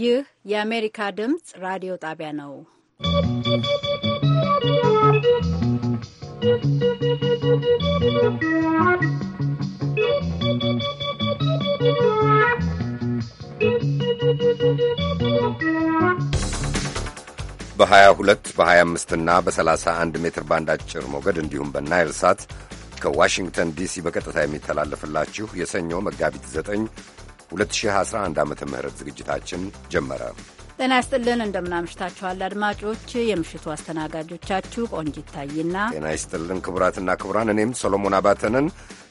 ይህ የአሜሪካ ድምፅ ራዲዮ ጣቢያ ነው። በ22 በ25 እና በ31 ሜትር ባንድ አጭር ሞገድ እንዲሁም በናይል ሳት ከዋሽንግተን ዲሲ በቀጥታ የሚተላለፍላችሁ የሰኞ መጋቢት 9 2011 ዓ ም ዝግጅታችን ጀመረ። ጤና ይስጥልን እንደምናምሽታችኋል አድማጮች። የምሽቱ አስተናጋጆቻችሁ ቆንጂት ታይና፣ ጤና ይስጥልን ክቡራትና ክቡራን፣ እኔም ሰሎሞን አባተንን።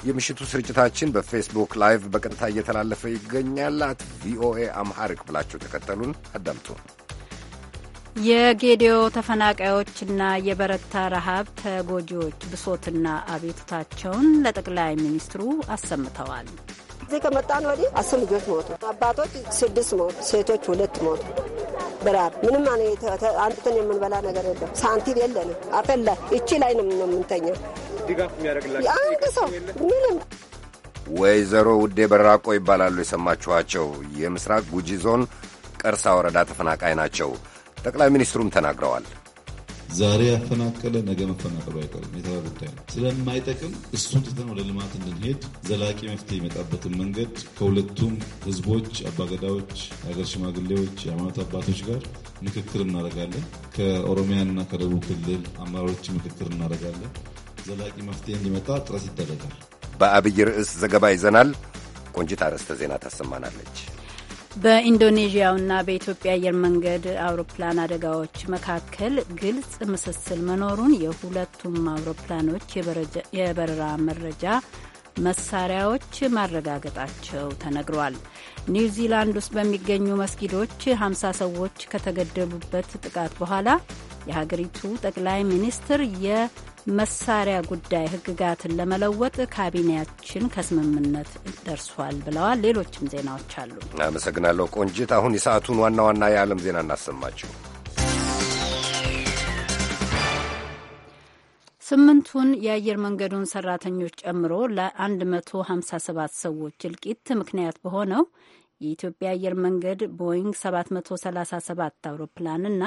የምሽቱ ስርጭታችን በፌስቡክ ላይቭ በቀጥታ እየተላለፈ ይገኛል። አት ቪኦኤ አምሃሪክ ብላችሁ ተከተሉን አዳምጡ። የጌዲዮ ተፈናቃዮችና የበረታ ረሃብ ተጎጂዎች ብሶትና አቤቱታቸውን ለጠቅላይ ሚኒስትሩ አሰምተዋል። እዚህ ከመጣን ወዲህ አስር ልጆች ሞቱ። አባቶች ስድስት ሞቱ፣ ሴቶች ሁለት ሞቱ። ብራር ምንም አንጥተን የምንበላ ነገር የለም። ሳንቲም የለንም። አፈላ እቺ ላይ ነው የምንተኛው። አንድ ሰው ምንም ወይዘሮ ውዴ በራቆ ይባላሉ የሰማችኋቸው። የምስራቅ ጉጂ ዞን ቀርሳ ወረዳ ተፈናቃይ ናቸው። ጠቅላይ ሚኒስትሩም ተናግረዋል። ዛሬ ያፈናቀለ ነገ መፈናቀሉ አይቀርም የተባ ጉዳይ ነው። ስለማይጠቅም እሱን ትተን ወደ ልማት እንድንሄድ ዘላቂ መፍትሄ የመጣበትን መንገድ ከሁለቱም ህዝቦች፣ አባገዳዎች፣ የሀገር ሽማግሌዎች፣ የሃይማኖት አባቶች ጋር ምክክር እናደርጋለን። ከኦሮሚያና ከደቡብ ክልል አመራሮች ምክክር እናደርጋለን። ዘላቂ መፍትሄ እንዲመጣ ጥረት ይደረጋል። በአብይ ርዕስ ዘገባ ይዘናል። ቆንጂት አርዕስተ ዜና ታሰማናለች። በኢንዶኔዥያውና በኢትዮጵያ አየር መንገድ አውሮፕላን አደጋዎች መካከል ግልጽ ምስስል መኖሩን የሁለቱም አውሮፕላኖች የበረራ መረጃ መሳሪያዎች ማረጋገጣቸው ተነግሯል። ኒውዚላንድ ውስጥ በሚገኙ መስጊዶች 50 ሰዎች ከተገደሉበት ጥቃት በኋላ የሀገሪቱ ጠቅላይ ሚኒስትር የ መሳሪያ ጉዳይ ህግጋትን ለመለወጥ ካቢኔያችን ከስምምነት ደርሷል ብለዋል። ሌሎችም ዜናዎች አሉ። አመሰግናለሁ ቆንጂት። አሁን የሰዓቱን ዋና ዋና የዓለም ዜና እናሰማችሁ። ስምንቱን የአየር መንገዱን ሰራተኞች ጨምሮ ለ157 ሰዎች እልቂት ምክንያት በሆነው የኢትዮጵያ አየር መንገድ ቦይንግ 737 አውሮፕላንና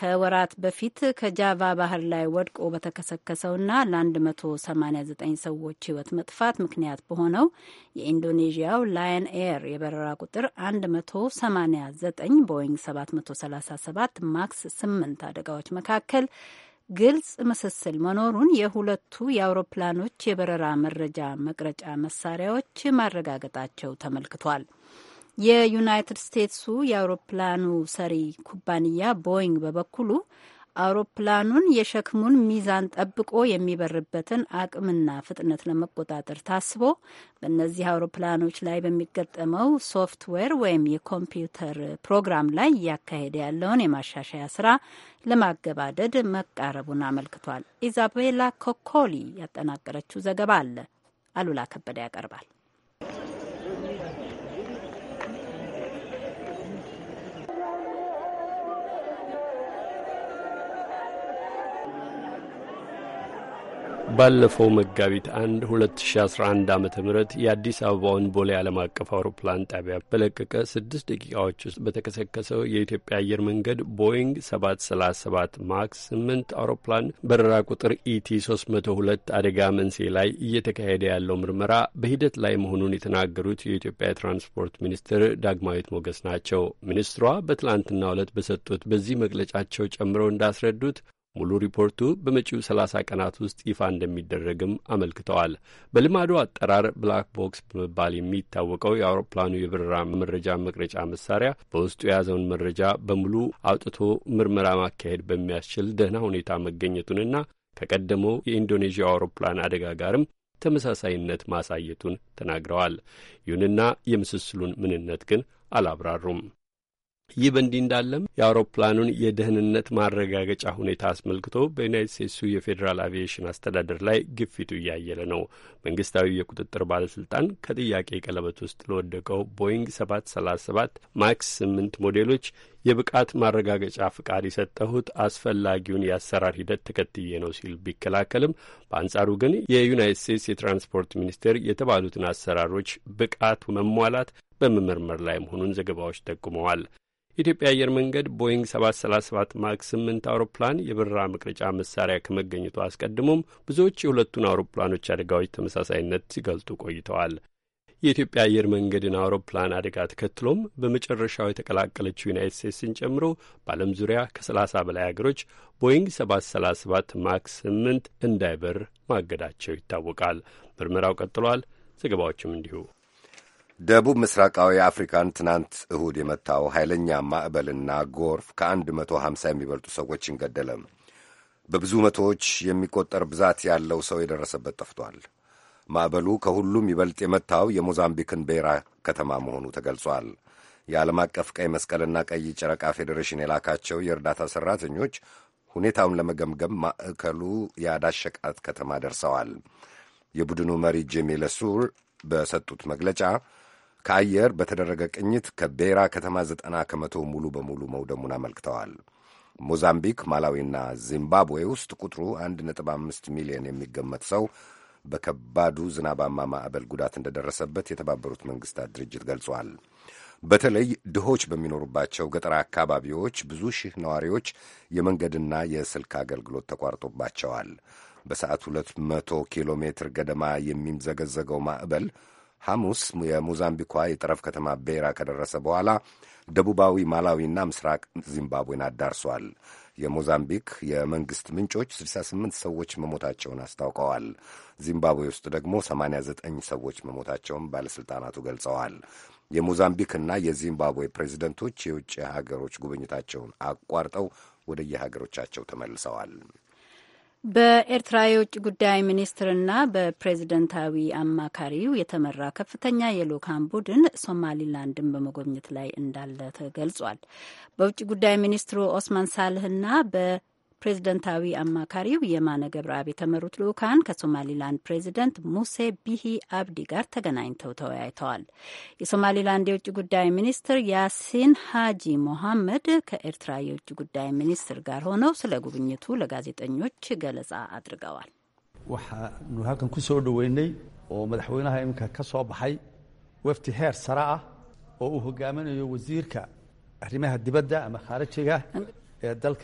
ከወራት በፊት ከጃቫ ባህር ላይ ወድቆ በተከሰከሰውና ለ189 ሰዎች ሕይወት መጥፋት ምክንያት በሆነው የኢንዶኔዥያው ላየን ኤር የበረራ ቁጥር 189 ቦይንግ 737 ማክስ 8 አደጋዎች መካከል ግልጽ ምስስል መኖሩን የሁለቱ የአውሮፕላኖች የበረራ መረጃ መቅረጫ መሳሪያዎች ማረጋገጣቸው ተመልክቷል። የዩናይትድ ስቴትሱ የአውሮፕላኑ ሰሪ ኩባንያ ቦይንግ በበኩሉ አውሮፕላኑን የሸክሙን ሚዛን ጠብቆ የሚበርበትን አቅምና ፍጥነት ለመቆጣጠር ታስቦ በእነዚህ አውሮፕላኖች ላይ በሚገጠመው ሶፍትዌር ወይም የኮምፒውተር ፕሮግራም ላይ እያካሄደ ያለውን የማሻሻያ ስራ ለማገባደድ መቃረቡን አመልክቷል። ኢዛቤላ ኮኮሊ ያጠናቀረችው ዘገባ አለ አሉላ ከበደ ያቀርባል። ባለፈው መጋቢት 1 2011 ዓ ም የአዲስ አበባውን ቦሌ ዓለም አቀፍ አውሮፕላን ጣቢያ በለቀቀ ስድስት ደቂቃዎች ውስጥ በተከሰከሰው የኢትዮጵያ አየር መንገድ ቦይንግ 737 ማክስ 8 አውሮፕላን በረራ ቁጥር ኢቲ 302 አደጋ መንስኤ ላይ እየተካሄደ ያለው ምርመራ በሂደት ላይ መሆኑን የተናገሩት የኢትዮጵያ የትራንስፖርት ሚኒስትር ዳግማዊት ሞገስ ናቸው። ሚኒስትሯ በትላንትና ዕለት በሰጡት በዚህ መግለጫቸው ጨምረው እንዳስረዱት ሙሉ ሪፖርቱ በመጪው 30 ቀናት ውስጥ ይፋ እንደሚደረግም አመልክተዋል። በልማዱ አጠራር ብላክ ቦክስ በመባል የሚታወቀው የአውሮፕላኑ የበረራ መረጃ መቅረጫ መሳሪያ በውስጡ የያዘውን መረጃ በሙሉ አውጥቶ ምርመራ ማካሄድ በሚያስችል ደህና ሁኔታ መገኘቱንና ከቀደመው የኢንዶኔዥያ አውሮፕላን አደጋ ጋርም ተመሳሳይነት ማሳየቱን ተናግረዋል። ይሁንና የምስስሉን ምንነት ግን አላብራሩም። ይህ በእንዲህ እንዳለም የአውሮፕላኑን የደህንነት ማረጋገጫ ሁኔታ አስመልክቶ በዩናይት ስቴትሱ የፌዴራል አቪዬሽን አስተዳደር ላይ ግፊቱ እያየለ ነው። መንግስታዊ የቁጥጥር ባለስልጣን ከጥያቄ ቀለበት ውስጥ ለወደቀው ቦይንግ 737 ማክስ 8 ሞዴሎች የብቃት ማረጋገጫ ፍቃድ የሰጠሁት አስፈላጊውን የአሰራር ሂደት ተከትዬ ነው ሲል ቢከላከልም በአንጻሩ ግን የዩናይት ስቴትስ የትራንስፖርት ሚኒስቴር የተባሉትን አሰራሮች ብቃት መሟላት በመመርመር ላይ መሆኑን ዘገባዎች ጠቁመዋል። የኢትዮጵያ አየር መንገድ ቦይንግ 737 ማክ 8 አውሮፕላን የበረራ መቅረጫ መሳሪያ ከመገኘቱ አስቀድሞም ብዙዎች የሁለቱን አውሮፕላኖች አደጋዎች ተመሳሳይነት ሲገልጡ ቆይተዋል። የኢትዮጵያ አየር መንገድን አውሮፕላን አደጋ ተከትሎም በመጨረሻው የተቀላቀለችው ዩናይት ስቴትስን ጨምሮ በዓለም ዙሪያ ከ30 በላይ አገሮች ቦይንግ 737 ማክስ 8 እንዳይበር ማገዳቸው ይታወቃል። ምርመራው ቀጥሏል። ዘገባዎችም እንዲሁ ደቡብ ምስራቃዊ አፍሪካን ትናንት እሁድ የመታው ኃይለኛ ማዕበልና ጎርፍ ከ150 የሚበልጡ ሰዎችን ገደለ። በብዙ መቶዎች የሚቆጠር ብዛት ያለው ሰው የደረሰበት ጠፍቷል። ማዕበሉ ከሁሉም ይበልጥ የመታው የሞዛምቢክን ቤራ ከተማ መሆኑ ተገልጿል። የዓለም አቀፍ ቀይ መስቀልና ቀይ ጨረቃ ፌዴሬሽን የላካቸው የእርዳታ ሠራተኞች ሁኔታውን ለመገምገም ማዕከሉ ያዳሸቃት ከተማ ደርሰዋል። የቡድኑ መሪ ጄሚ ለሱር በሰጡት መግለጫ ከአየር በተደረገ ቅኝት ከቤራ ከተማ ዘጠና ከመቶ ሙሉ በሙሉ መውደሙን አመልክተዋል። ሞዛምቢክ፣ ማላዊና ዚምባብዌ ውስጥ ቁጥሩ 1.5 ሚሊዮን የሚገመት ሰው በከባዱ ዝናባማ ማዕበል ጉዳት እንደደረሰበት የተባበሩት መንግስታት ድርጅት ገልጿል። በተለይ ድሆች በሚኖሩባቸው ገጠር አካባቢዎች ብዙ ሺህ ነዋሪዎች የመንገድና የስልክ አገልግሎት ተቋርጦባቸዋል። በሰዓት 200 ኪሎ ሜትር ገደማ የሚምዘገዘገው ማዕበል ሐሙስ የሞዛምቢኳ የጠረፍ ከተማ ቤራ ከደረሰ በኋላ ደቡባዊ ማላዊና ምስራቅ ዚምባብዌን አዳርሷል። የሞዛምቢክ የመንግሥት ምንጮች 68 ሰዎች መሞታቸውን አስታውቀዋል። ዚምባብዌ ውስጥ ደግሞ 89 ሰዎች መሞታቸውን ባለሥልጣናቱ ገልጸዋል። የሞዛምቢክና የዚምባብዌ ፕሬዚደንቶች የውጭ ሀገሮች ጉብኝታቸውን አቋርጠው ወደ የሀገሮቻቸው ተመልሰዋል። በኤርትራ የውጭ ጉዳይ ሚኒስትርና በፕሬዝደንታዊ አማካሪው የተመራ ከፍተኛ የልኡካን ቡድን ሶማሊላንድን በመጎብኘት ላይ እንዳለ ተገልጿል። በውጭ ጉዳይ ሚኒስትሩ ኦስማን ሳልህና ፕሬዝደንታዊ አማካሪው የማነ ገብረአብ የተመሩት ልኡካን ከሶማሊላንድ ፕሬዝደንት ሙሴ ቢሂ አብዲ ጋር ተገናኝተው ተወያይተዋል። የሶማሊላንድ የውጭ ጉዳይ ሚኒስትር ያሲን ሃጂ ሞሐመድ ከኤርትራ የውጭ ጉዳይ ሚኒስትር ጋር ሆነው ስለ ጉብኝቱ ለጋዜጠኞች ገለጻ አድርገዋል። ዋሓ ኑ ሃልከን ኩሶ ደወይነይ ኦ መድሐወይናሃ ኢምካ ከሶ ባሓይ ወፍቲ ሄር ሰራአ ኦ ኡ ሆጋመነዮ ወዚርካ አሪማሃ ዲበዳ አማ ካረጅጋ ኤ ደልከ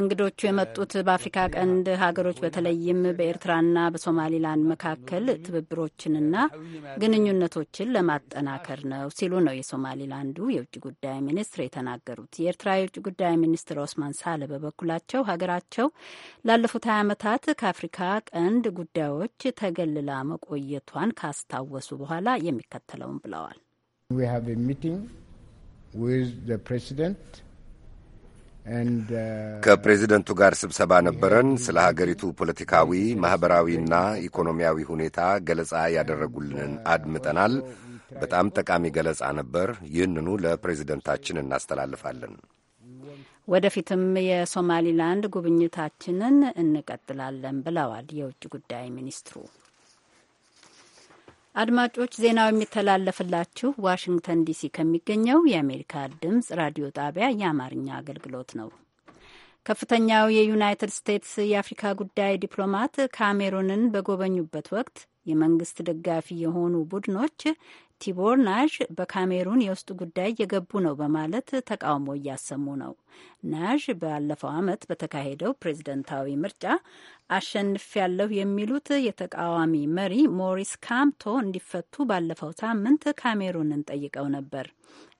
እንግዶቹ የመጡት በአፍሪካ ቀንድ ሀገሮች በተለይም በኤርትራና በሶማሊላንድ መካከል ትብብሮችንና ግንኙነቶችን ለማጠናከር ነው ሲሉ ነው የሶማሊላንዱ የውጭ ጉዳይ ሚኒስትር የተናገሩት። የኤርትራ የውጭ ጉዳይ ሚኒስትር ኦስማን ሳለ በበኩላቸው ሀገራቸው ላለፉት ሀያ ዓመታት ከአፍሪካ ቀንድ ጉዳዮች ተገልላ መቆየቷን ካስታወሱ በኋላ የሚከተለውን ብለዋል። Uh, ከፕሬዚደንቱ ጋር ስብሰባ ነበረን። ስለ ሀገሪቱ ፖለቲካዊ፣ ማኅበራዊና ኢኮኖሚያዊ ሁኔታ ገለጻ ያደረጉልንን አድምጠናል። በጣም ጠቃሚ ገለጻ ነበር። ይህንኑ ለፕሬዚደንታችን እናስተላልፋለን። ወደፊትም የሶማሊላንድ ጉብኝታችንን እንቀጥላለን ብለዋል የውጭ ጉዳይ ሚኒስትሩ። አድማጮች ዜናው የሚተላለፍላችሁ ዋሽንግተን ዲሲ ከሚገኘው የአሜሪካ ድምፅ ራዲዮ ጣቢያ የአማርኛ አገልግሎት ነው። ከፍተኛው የዩናይትድ ስቴትስ የአፍሪካ ጉዳይ ዲፕሎማት ካሜሩንን በጎበኙበት ወቅት የመንግስት ደጋፊ የሆኑ ቡድኖች ቲቦር ናዥ በካሜሩን የውስጥ ጉዳይ እየገቡ ነው በማለት ተቃውሞ እያሰሙ ነው። ናዥ ባለፈው ዓመት በተካሄደው ፕሬዝደንታዊ ምርጫ አሸንፊያለሁ የሚሉት የተቃዋሚ መሪ ሞሪስ ካምቶ እንዲፈቱ ባለፈው ሳምንት ካሜሩንን ጠይቀው ነበር።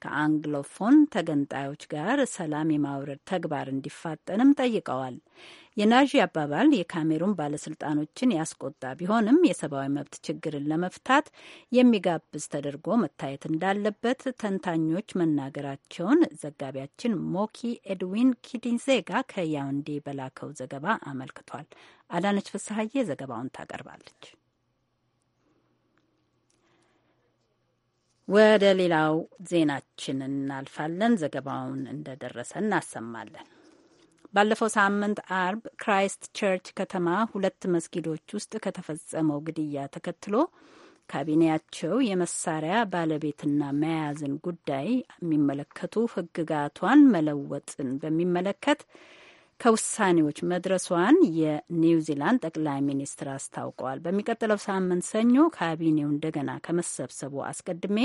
ከአንግሎፎን ተገንጣዮች ጋር ሰላም የማውረድ ተግባር እንዲፋጠንም ጠይቀዋል። የናዢ አባባል የካሜሩን ባለስልጣኖችን ያስቆጣ ቢሆንም የሰብአዊ መብት ችግርን ለመፍታት የሚጋብዝ ተደርጎ መታየት እንዳለበት ተንታኞች መናገራቸውን ዘጋቢያችን ሞኪ ኤድዊን ኪዲንዜጋ ከያውንዴ በላከው ዘገባ አመልክቷል። አዳነች ፍስሀዬ ዘገባውን ታቀርባለች። ወደ ሌላው ዜናችን እናልፋለን። ዘገባውን እንደደረሰ እናሰማለን። ባለፈው ሳምንት አርብ ክራይስት ቸርች ከተማ ሁለት መስጊዶች ውስጥ ከተፈጸመው ግድያ ተከትሎ ካቢኔያቸው የመሳሪያ ባለቤትና መያዝን ጉዳይ የሚመለከቱ ሕግጋቷን መለወጥን በሚመለከት ከውሳኔዎች መድረሷን የኒውዚላንድ ጠቅላይ ሚኒስትር አስታውቀዋል። በሚቀጥለው ሳምንት ሰኞ ካቢኔው እንደገና ከመሰብሰቡ አስቀድሜ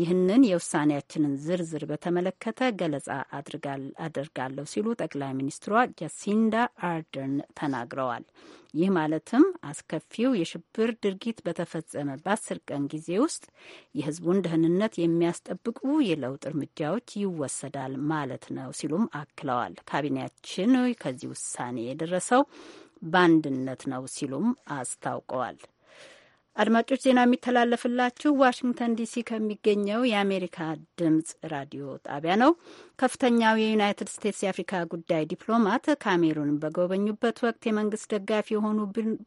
ይህንን የውሳኔያችንን ዝርዝር በተመለከተ ገለጻ አድርጋለሁ ሲሉ ጠቅላይ ሚኒስትሯ ጃሲንዳ አርደርን ተናግረዋል። ይህ ማለትም አስከፊው የሽብር ድርጊት በተፈጸመ በአስር ቀን ጊዜ ውስጥ የሕዝቡን ደህንነት የሚያስጠብቁ የለውጥ እርምጃዎች ይወሰዳል ማለት ነው ሲሉም አክለዋል። ካቢኔያችን ከዚህ ውሳኔ የደረሰው በአንድነት ነው ሲሉም አስታውቀዋል። አድማጮች ዜና የሚተላለፍላችሁ ዋሽንግተን ዲሲ ከሚገኘው የአሜሪካ ድምጽ ራዲዮ ጣቢያ ነው። ከፍተኛው የዩናይትድ ስቴትስ የአፍሪካ ጉዳይ ዲፕሎማት ካሜሩን በጎበኙበት ወቅት የመንግስት ደጋፊ የሆኑ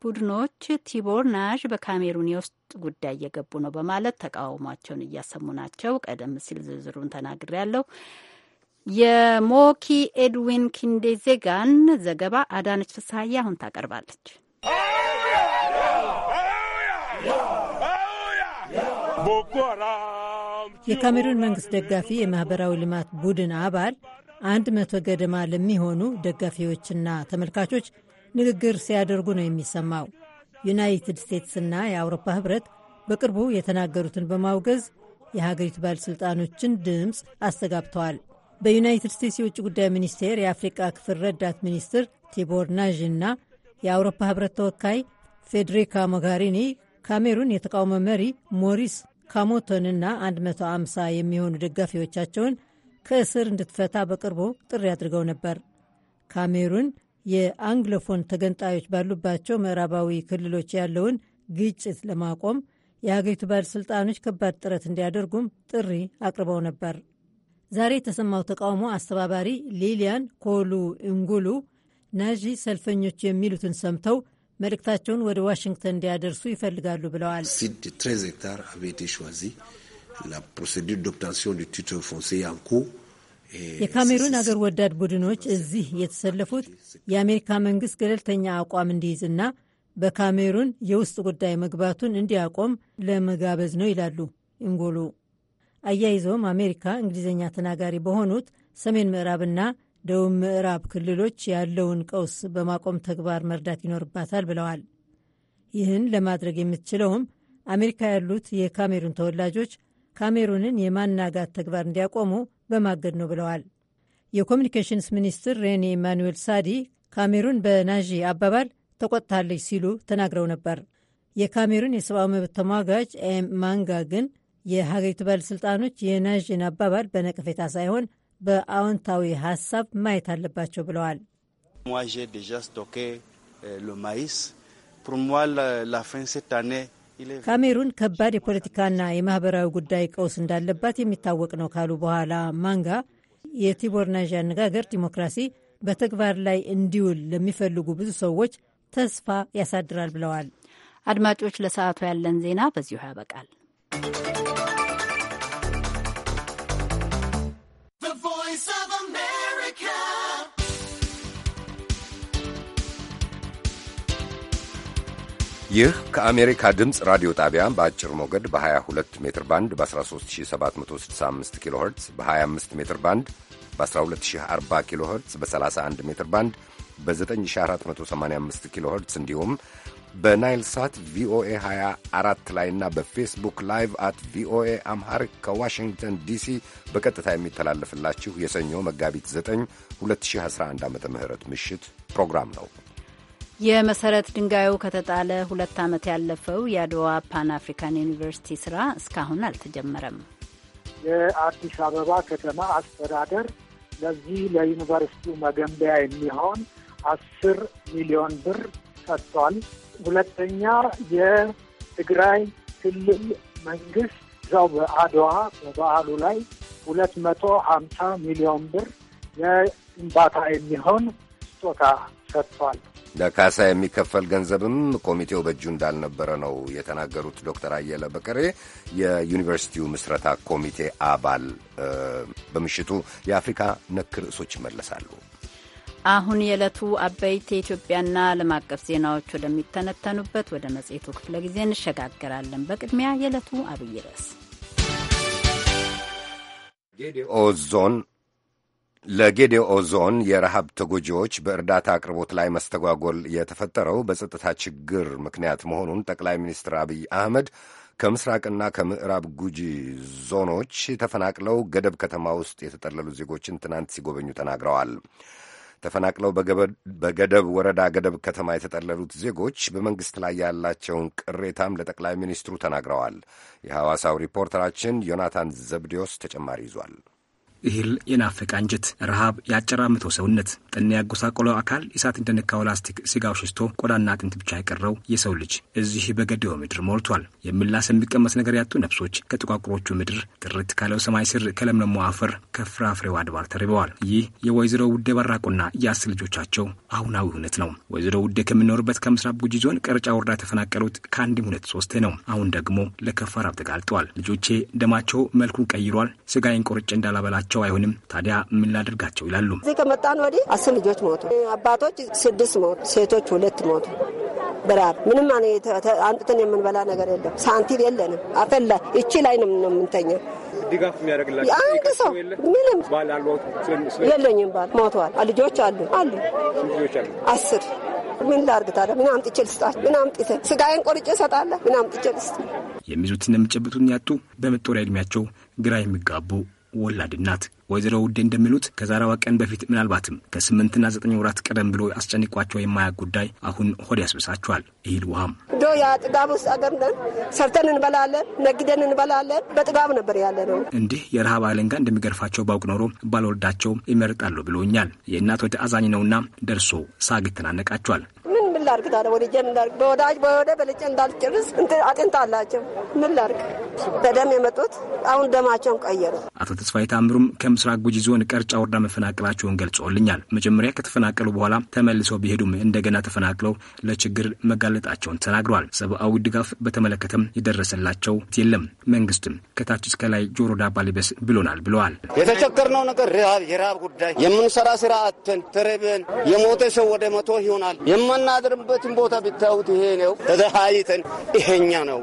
ቡድኖች ቲቦር ናዥ በካሜሩን የውስጥ ጉዳይ እየገቡ ነው በማለት ተቃውሟቸውን እያሰሙ ናቸው። ቀደም ሲል ዝርዝሩን ተናግሬ ያለው የሞኪ ኤድዊን ኪንዴዜጋን ዘገባ አዳነች ፍስሀዬ አሁን ታቀርባለች። የካሜሩን መንግስት ደጋፊ የማኅበራዊ ልማት ቡድን አባል አንድ መቶ ገደማ ለሚሆኑ ደጋፊዎችና ተመልካቾች ንግግር ሲያደርጉ ነው የሚሰማው። ዩናይትድ ስቴትስና የአውሮፓ ህብረት በቅርቡ የተናገሩትን በማውገዝ የሀገሪቱ ባለሥልጣኖችን ድምፅ አስተጋብተዋል። በዩናይትድ ስቴትስ የውጭ ጉዳይ ሚኒስቴር የአፍሪቃ ክፍል ረዳት ሚኒስትር ቲቦር ናዥ እና የአውሮፓ ህብረት ተወካይ ፌዴሪካ ሞጋሪኒ ካሜሩን የተቃውሞ መሪ ሞሪስ ካሞቶንና 150 የሚሆኑ ደጋፊዎቻቸውን ከእስር እንድትፈታ በቅርቡ ጥሪ አድርገው ነበር። ካሜሩን የአንግሎፎን ተገንጣዮች ባሉባቸው ምዕራባዊ ክልሎች ያለውን ግጭት ለማቆም የሀገሪቱ ባለሥልጣኖች ከባድ ጥረት እንዲያደርጉም ጥሪ አቅርበው ነበር። ዛሬ የተሰማው ተቃውሞ አስተባባሪ ሊሊያን ኮሉ እንጉሉ ናዢ ሰልፈኞች የሚሉትን ሰምተው መልእክታቸውን ወደ ዋሽንግተን እንዲያደርሱ ይፈልጋሉ ብለዋል። የካሜሩን አገር ወዳድ ቡድኖች እዚህ የተሰለፉት የአሜሪካ መንግስት ገለልተኛ አቋም እንዲይዝና በካሜሩን የውስጥ ጉዳይ መግባቱን እንዲያቆም ለመጋበዝ ነው ይላሉ እንጎሉ። አያይዘውም አሜሪካ እንግሊዝኛ ተናጋሪ በሆኑት ሰሜን ምዕራብና ደቡብ ምዕራብ ክልሎች ያለውን ቀውስ በማቆም ተግባር መርዳት ይኖርባታል ብለዋል። ይህን ለማድረግ የምትችለውም አሜሪካ ያሉት የካሜሩን ተወላጆች ካሜሩንን የማናጋት ተግባር እንዲያቆሙ በማገድ ነው ብለዋል። የኮሚኒኬሽንስ ሚኒስትር ሬኔ ኢማኑዌል ሳዲ ካሜሩን በናዢ አባባል ተቆጥታለች ሲሉ ተናግረው ነበር። የካሜሩን የሰብአዊ መብት ተሟጋጅ ኤም ማንጋ ግን የሀገሪቱ ባለሥልጣኖች የናዢን አባባል በነቀፌታ ሳይሆን በአዎንታዊ ሀሳብ ማየት አለባቸው ብለዋል። euh, ካሜሩን ከባድ የፖለቲካና የማህበራዊ ጉዳይ ቀውስ እንዳለባት የሚታወቅ ነው ካሉ በኋላ ማንጋ የቲቦር ናዥ አነጋገር ዲሞክራሲ በተግባር ላይ እንዲውል ለሚፈልጉ ብዙ ሰዎች ተስፋ ያሳድራል ብለዋል። አድማጮች፣ ለሰዓቱ ያለን ዜና በዚሁ ያበቃል። ይህ ከአሜሪካ ድምፅ ራዲዮ ጣቢያ በአጭር ሞገድ በ22 ሜትር ባንድ በ13765 ኪሎ ኸርትዝ በ25 ሜትር ባንድ በ1240 ኪሎ ኸርትዝ በ31 ሜትር ባንድ በ9485 ኪሎ ኸርትዝ እንዲሁም በናይል ሳት ቪኦኤ 24 ላይ በፌስቡክ ላይቭ አት ቪኦኤ አምሃሪክ ከዋሽንግተን ዲሲ በቀጥታ የሚተላለፍላችሁ የሰኞ መጋቢት 9 2011 ዓ ም ምሽት ፕሮግራም ነው። የመሰረት ድንጋዩ ከተጣለ ሁለት ዓመት ያለፈው የአድዋ ፓን አፍሪካን ዩኒቨርሲቲ ስራ እስካሁን አልተጀመረም። የአዲስ አበባ ከተማ አስተዳደር ለዚህ ለዩኒቨርሲቲው መገንቢያ የሚሆን አስር ሚሊዮን ብር ሰጥቷል። ሁለተኛ የትግራይ ክልል መንግስት እዛው በአድዋ በበዓሉ ላይ ሁለት መቶ ሀምሳ ሚሊዮን ብር ለግንባታ የሚሆን ስጦታ ሰጥቷል። ለካሳ የሚከፈል ገንዘብም ኮሚቴው በእጁ እንዳልነበረ ነው የተናገሩት። ዶክተር አየለ በቀሬ የዩኒቨርሲቲው ምስረታ ኮሚቴ አባል። በምሽቱ የአፍሪካ ነክ ርዕሶች ይመለሳሉ። አሁን የዕለቱ አበይት የኢትዮጵያና ዓለም አቀፍ ዜናዎች ወደሚተነተኑበት ወደ መጽሔቱ ክፍለ ጊዜ እንሸጋገራለን። በቅድሚያ የዕለቱ አብይ ርዕስ ጌዲኦ ዞን ለጌዴኦ ዞን የረሃብ ተጎጂዎች በእርዳታ አቅርቦት ላይ መስተጓጎል የተፈጠረው በጸጥታ ችግር ምክንያት መሆኑን ጠቅላይ ሚኒስትር አብይ አህመድ ከምስራቅና ከምዕራብ ጉጂ ዞኖች ተፈናቅለው ገደብ ከተማ ውስጥ የተጠለሉ ዜጎችን ትናንት ሲጎበኙ ተናግረዋል። ተፈናቅለው በገደብ ወረዳ ገደብ ከተማ የተጠለሉት ዜጎች በመንግሥት ላይ ያላቸውን ቅሬታም ለጠቅላይ ሚኒስትሩ ተናግረዋል። የሐዋሳው ሪፖርተራችን ዮናታን ዘብዴዎስ ተጨማሪ ይዟል። እህል የናፈቀ አንጀት፣ ረሃብ ያጨራምተው ሰውነት፣ ጠና ያጎሳቆለው አካል፣ እሳት እንደነካው ላስቲክ ስጋው ሽስቶ ቆዳና አጥንት ብቻ የቀረው የሰው ልጅ እዚህ በገደው ምድር ሞልቷል። የምላስ የሚቀመስ ነገር ያጡ ነፍሶች ከጥቋቁሮቹ ምድር ጥርት ካለው ሰማይ ስር ከለምለሙ አፈር ከፍራፍሬው አድባር ተርበዋል። ይህ የወይዘሮ ውዴ ባራቁና የአስር ልጆቻቸው አሁናዊ እውነት ነው። ወይዘሮ ውዴ ከምኖርበት ከምስራቅ ጉጂ ዞን ቀርጫ ወረዳ የተፈናቀሉት ከአንድም ሁለት ሶስቴ ነው። አሁን ደግሞ ለከፋ ራብ ተጋልጠዋል። ልጆቼ ደማቸው መልኩን ቀይሯል። ስጋዬን ቆርጬ እንዳላበላቸው መኖራቸው አይሆንም። ታዲያ ምን ላደርጋቸው ይላሉ። እዚህ ከመጣን ወዲህ አስር ልጆች ሞቱ። አባቶች ስድስት ሞቱ፣ ሴቶች ሁለት ሞቱ። በራብ ምንም አንጥተን የምንበላ ነገር የለም። ሳንቲም የለንም። አፈላ እቺ ላይ ነው የምንተኛው። ድጋፍ የሚያደርግላቸው አንድ ሰው ምንም የለኝም። ባል ሞተዋል። ልጆች አሉ አሉ አስር ምን ላርግ ታዲያ? ምን አምጥቼ ልስጣቸው? ምን አምጥቼ ስጋዬን ቆርጬ እሰጣለሁ? ምን አምጥቼ ልስጥ? የሚይዙትንም ጭብጡን ያጡ በመጦሪያ ዕድሜያቸው ግራ የሚጋቡ ወላድ ናት። ወይዘሮ ውዴ እንደሚሉት ከዛሬዋ ቀን በፊት ምናልባትም ከስምንትና ዘጠኝ ወራት ቀደም ብሎ አስጨንቋቸው የማያ ጉዳይ አሁን ሆድ ያስብሳቸዋል። ይህል ውሃም ዶ ያ ጥጋብ ውስጥ አገር ነን፣ ሰርተን እንበላለን፣ ነግደን እንበላለን። በጥጋብ ነበር ያለ ነው። እንዲህ የረሃብ አለንጋ እንደሚገርፋቸው ባውቅ ኖሮ ባልወልዳቸው ይመርጣሉ ብሎኛል። የእናት ወደ አዛኝ ነውና ደርሶ ሳግ ይተናነቃቸዋል። ላርግ ታለ ወድጄ ምን ላርግ በወዳጅ በወደ በልጬ እንዳልጨርስ እንት አጥንታ አላቸው ምን ላርግ በደም የመጡት አሁን ደማቸውን ቀየሩ። አቶ ተስፋዬ ታምሩም ከምስራቅ ጉጂ ዞን ቀርጫ ወረዳ መፈናቀላቸውን ገልጾልኛል። መጀመሪያ ከተፈናቀሉ በኋላ ተመልሰው ቢሄዱም እንደገና ተፈናቅለው ለችግር መጋለጣቸውን ተናግረዋል። ሰብአዊ ድጋፍ በተመለከተም የደረሰላቸው የለም። መንግስትም ከታች እስከ ላይ ጆሮ ዳባ ልበስ ብሎናል ብለዋል። የተቸገርነው ነገር ረሃብ፣ የረሃብ ጉዳይ የምንሰራ ስራ አተን ተረበን የሞተ ሰው ወደ መቶ ይሆናል የማናድር ያለንበትን ቦታ ብታዩት ይሄ ነው። ተደሃይተን ይሄኛ ነው።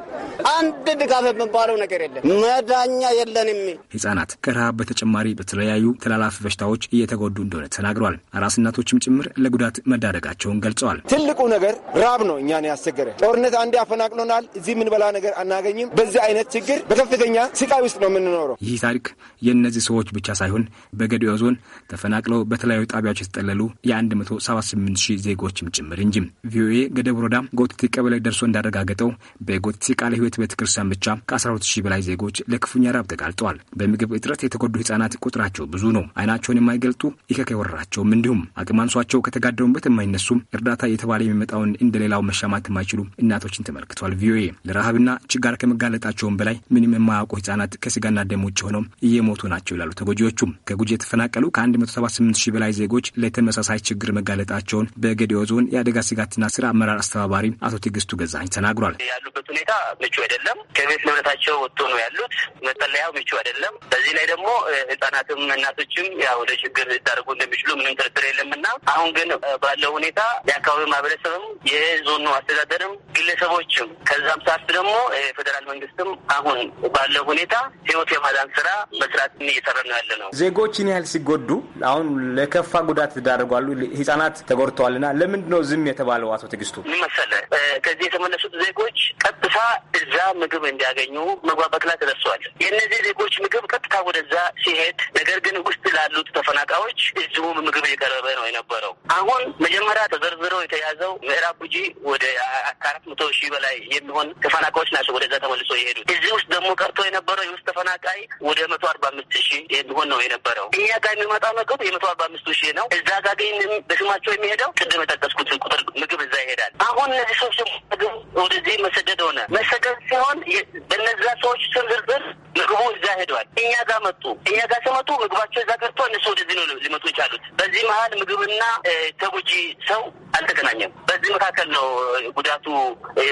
አንድ ድጋፍ የምባለው ነገር የለም። መዳኛ የለንም። ህጻናት ከረሃብ በተጨማሪ በተለያዩ ተላላፊ በሽታዎች እየተጎዱ እንደሆነ ተናግሯል። አራስ እናቶችም ጭምር ለጉዳት መዳረጋቸውን ገልጸዋል። ትልቁ ነገር ራብ ነው። እኛን ያስቸገረ ጦርነት አንዴ አፈናቅሎናል። እዚህ የምንበላ ነገር አናገኝም። በዚህ አይነት ችግር በከፍተኛ ስቃይ ውስጥ ነው የምንኖረው። ይህ ታሪክ የእነዚህ ሰዎች ብቻ ሳይሆን በገዲኦ ዞን ተፈናቅለው በተለያዩ ጣቢያዎች የተጠለሉ የ178 ሺህ ዜጎችም ጭምር እንጂም። ቪኦኤ ገደብ ወረዳ ጎትቲ ቀበሌ ደርሶ እንዳረጋገጠው በጎትቲ ቃለ ህይወት ቤተክርስቲያን ብቻ ከ120 በላይ ዜጎች ለክፉኛ ራብ ተጋልጠዋል። በምግብ እጥረት የተጎዱ ህጻናት ቁጥራቸው ብዙ ነው። አይናቸውን የማይገልጡ ኢከክ የወረራቸውም እንዲሁም አቅም አንሷቸው ከተጋደሙበት የማይነሱም እርዳታ የተባለ የሚመጣውን እንደሌላው መሻማት የማይችሉ እናቶችን ተመልክቷል። ቪኦኤ ለረሃብና ችጋር ከመጋለጣቸውን በላይ ምንም የማያውቁ ህጻናት ከስጋና ደም ውጭ ሆነው እየሞቱ ናቸው ይላሉ ተጎጂዎቹም። ከጉጂ የተፈናቀሉ ከ178 ሺህ በላይ ዜጎች ለተመሳሳይ ችግር መጋለጣቸውን በገዲዮ ዞን የአደጋ ስጋት ልማትና ስራ አመራር አስተባባሪ አቶ ትዕግስቱ ገዛኝ ተናግሯል። ያሉበት ሁኔታ ምቹ አይደለም። ከቤት ንብረታቸው ወጥቶ ነው ያሉት። መጠለያው ምቹ አይደለም። በዚህ ላይ ደግሞ ህጻናትም እናቶችም ያው ችግር ሊዳርጉ እንደሚችሉ ምንም ጥርጥር የለምና አሁን ግን ባለው ሁኔታ የአካባቢ ማህበረሰብም የዞኑ አስተዳደርም ግለሰቦችም ከዛም ሳርፍ ደግሞ የፌዴራል መንግስትም አሁን ባለው ሁኔታ ህይወት የማዳን ስራ መስራት እየሰራ ነው ያለ ነው። ዜጎችን ያህል ሲጎዱ አሁን ለከፋ ጉዳት ተዳርጓሉ። ህጻናት ተጎድተዋልና ለምንድን ነው ዝም የተባለው? አሉ አቶ ትግስቱ። ምን መሰለህ ከዚህ የተመለሱት ዜጎች ቀጥታ እዛ ምግብ እንዲያገኙ መግባባት ላይ ተደርሰዋል። የእነዚህ ዜጎች ምግብ ቀጥታ ወደዛ ሲሄድ ነገር ግን ውስጥ ላሉት ተፈናቃዮች ህዝቡም ምግብ እየቀረበ ነው የነበረው። አሁን መጀመሪያ ተዘርዝረው የተያዘው ምዕራብ ጉጂ ወደ ከአራት መቶ ሺህ በላይ የሚሆን ተፈናቃዮች ናቸው ወደዛ ተመልሶ የሄዱ። እዚህ ውስጥ ደግሞ ቀርቶ የነበረው የውስጥ ተፈናቃይ ወደ መቶ አርባ አምስት ሺህ የሚሆን ነው የነበረው። እኛ ጋር የሚመጣ ምግብ የመቶ አርባ አምስቱ ሺህ ነው። እዛ ጋር ግን በስማቸው የሚሄደው ቅድም የጠቀስኩት ቁጥር ምግብ እዛ ይሄዳል። አሁን እነዚህ ሰዎች ምግብ ወደዚህ መሰደድ ሆነ መሰደድ ሲሆን በነዛ ሰዎች ስም ዝርዝር ምግቡ እዛ ሄዷል። እኛ ጋር መጡ። እኛ ጋር ሲመጡ ምግባቸው እዛ ተፈቶ እነሱ ወደዚህ ነው ሊመጡ ይቻሉት። በዚህ መሀል ምግብና ተጎጂ ሰው አልተገናኘም። በዚህ መካከል ነው ጉዳቱ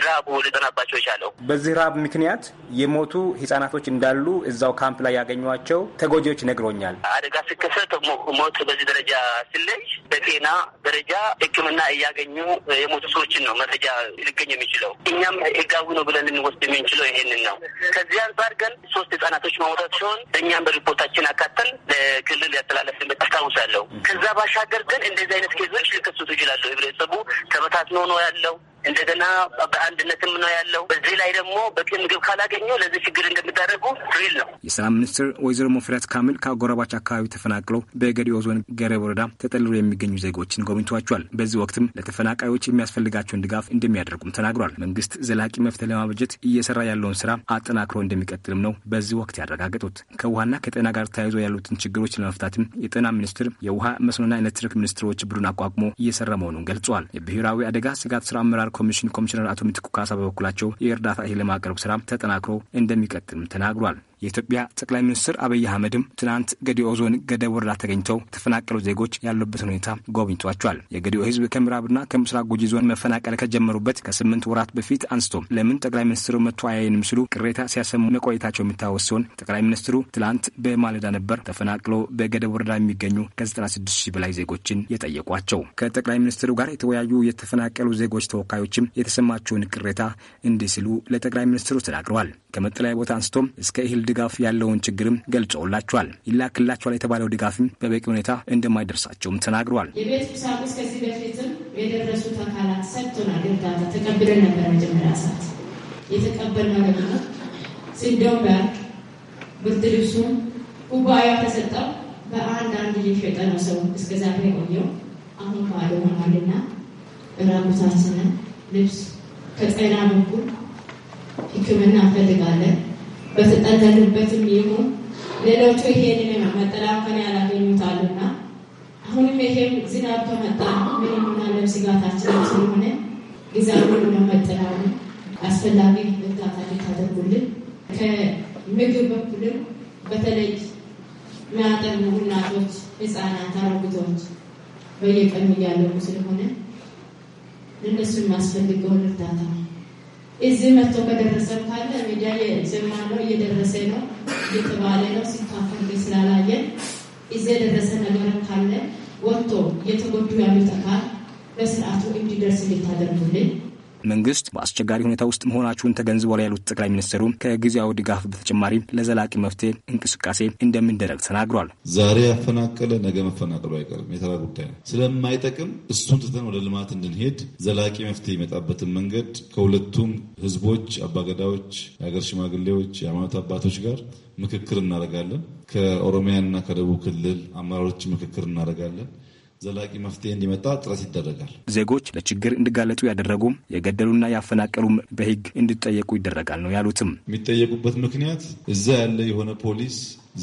ራቡ ሊጠናባቸው የቻለው። በዚህ ራብ ምክንያት የሞቱ ህጻናቶች እንዳሉ እዛው ካምፕ ላይ ያገኟቸው ተጎጂዎች ነግሮኛል። አደጋ ሲከሰት ሞት በዚህ ደረጃ ስለይ በጤና ደረጃ ሕክምና እያገኙ የሞቱ ሰዎችን ነው መረጃ ሊገኝ የሚችለው። እኛም ህጋዊ ነው ብለን ልንወስድ የምንችለው ይሄንን ነው። ከዚህ አንጻር ግን ሶስት ህጻናቶች መሞታቸውን እኛም በሪፖርታችን አካተን ለክልል ክልል ያስተላለፍልን አስታውሳለሁ። ከዛ ባሻገር ግን እንደዚህ አይነት ኬዞች ሊከሰቱ ይችላሉ። ህብረተሰቡ ተበታትኖ ነው ያለው። እንደገና በአንድነትም ነው ያለው። በዚህ ላይ ደግሞ በቂ ምግብ ካላገኘው ለዚህ ችግር እንደሚዳረጉ ሪል ነው። የሰላም ሚኒስትር ወይዘሮ ሙፈሪያት ካሚል ከአጎራባች አካባቢ ተፈናቅለው በገዲኦ ዞን ገረብ ወረዳ ተጠልሎ የሚገኙ ዜጎችን ጎብኝቷቸዋል። በዚህ ወቅትም ለተፈናቃዮች የሚያስፈልጋቸውን ድጋፍ እንደሚያደርጉም ተናግሯል። መንግስት ዘላቂ መፍትሄ ለማበጀት እየሰራ ያለውን ስራ አጠናክሮ እንደሚቀጥልም ነው በዚህ ወቅት ያረጋገጡት። ከውሃና ከጤና ጋር ተያይዞ ያሉትን ችግሮች ለመፍታትም የጤና ሚኒስትር የውሃ መስኖና ኤሌክትሪክ ሚኒስትሮች ቡድን አቋቁሞ እየሰራ መሆኑን ገልጸዋል። የብሔራዊ አደጋ ስጋት ስራ አመራር ኮሚሽን ኮሚሽነር አቶ ምትኩ ካሳ በበኩላቸው የእርዳታ እህል ስራ ተጠናክሮ እንደሚቀጥልም ተናግሯል። የኢትዮጵያ ጠቅላይ ሚኒስትር አብይ አህመድም ትናንት ገዲኦ ዞን ገደብ ወረዳ ተገኝተው የተፈናቀሉ ዜጎች ያሉበትን ሁኔታ ጎብኝቷቸዋል። የገዲኦ ህዝብ ከምዕራብና ከምስራቅ ጉጂ ዞን መፈናቀል ከጀመሩበት ከስምንት ወራት በፊት አንስቶ ለምን ጠቅላይ ሚኒስትሩ መጥቶ አያይንም ሲሉ ቅሬታ ሲያሰሙ መቆየታቸው የሚታወስ ሲሆን ጠቅላይ ሚኒስትሩ ትናንት በማለዳ ነበር ተፈናቅሎ በገደብ ወረዳ የሚገኙ ከ96 ሺህ በላይ ዜጎችን የጠየቋቸው። ከጠቅላይ ሚኒስትሩ ጋር የተወያዩ የተፈናቀሉ ዜጎች ተወካዮችም የተሰማቸውን ቅሬታ እንዲህ ሲሉ ለጠቅላይ ሚኒስትሩ ተናግረዋል። ከመጠለያ ቦታ አንስቶ እስከ እህል ድጋፍ ያለውን ችግርም ገልጸውላቸዋል። ይላክላቸዋል የተባለው ድጋፍም በበቂ ሁኔታ እንደማይደርሳቸውም ተናግረዋል። የቤት ቁሳቁስ ከዚህ በፊትም የደረሱት አካላት ሰጥቶናል። እርዳታ ተቀብለን ነበር። መጀመሪያ ሰዓት የተቀበልነው ደግሞ ስንዴው በአንድ ብርድ ልብሱም ጉባኤ ተሰጠው በአንዳንድ እየሸጠ ነው ሰው እስከዛ የቆየው አሁን ባዶ ሆኗልና ራቁታችንን ልብስ ከጤና በኩል ሕክምና እንፈልጋለን። በተጠለሉበትም ይሁን ሌሎቹ ይሄንን መጠላከን ያላገኙታሉና አሁንም ይሄም ዝናብ ከመጣ ምን ምናለም ስጋታችን ስለሆነ ጊዜውን ለመጠናው አስፈላጊ እርዳታ ታደርጉልን። ከምግብ በኩልም በተለይ ሚያጠሙ እናቶች፣ ህፃናት፣ አሮጊቶች በየቀኑ እያለሙ ስለሆነ እነሱ የሚያስፈልገውን እርዳታ ነው። እዚህ መጥቶ ከደረሰ ካለ ሚዲያ የጀማ ነው እየደረሰ ነው እየተባለ ነው ሲካፈል ስላላየን እዚ የደረሰ ነገር ካለ ወጥቶ እየተጎዱ ያሉት አካል በስርዓቱ እንዲደርስ እንድታደርጉልን መንግስት በአስቸጋሪ ሁኔታ ውስጥ መሆናችሁን ላይ ያሉት ጠቅላይ ሚኒስትሩ ከጊዜያዊ ድጋፍ በተጨማሪ ለዘላቂ መፍትሄ እንቅስቃሴ እንደምንደረግ ተናግሯል። ዛሬ ያፈናቀለ ነገ መፈናቀሉ አይቀርም፣ የተራ ጉዳይ ነው። ስለማይጠቅም እሱን ትተን ወደ ልማት እንድንሄድ ዘላቂ መፍትሄ የመጣበትን መንገድ ከሁለቱም ህዝቦች፣ አባገዳዎች፣ የሀገር ሽማግሌዎች፣ የሃይማኖት አባቶች ጋር ምክክር እናደርጋለን። ከኦሮሚያና ከደቡብ ክልል አመራሮች ምክክር እናደርጋለን። ዘላቂ መፍትሄ እንዲመጣ ጥረት ይደረጋል። ዜጎች ለችግር እንዲጋለጡ ያደረጉ የገደሉና ያፈናቀሉም በህግ እንዲጠየቁ ይደረጋል ነው ያሉትም። የሚጠየቁበት ምክንያት እዛ ያለ የሆነ ፖሊስ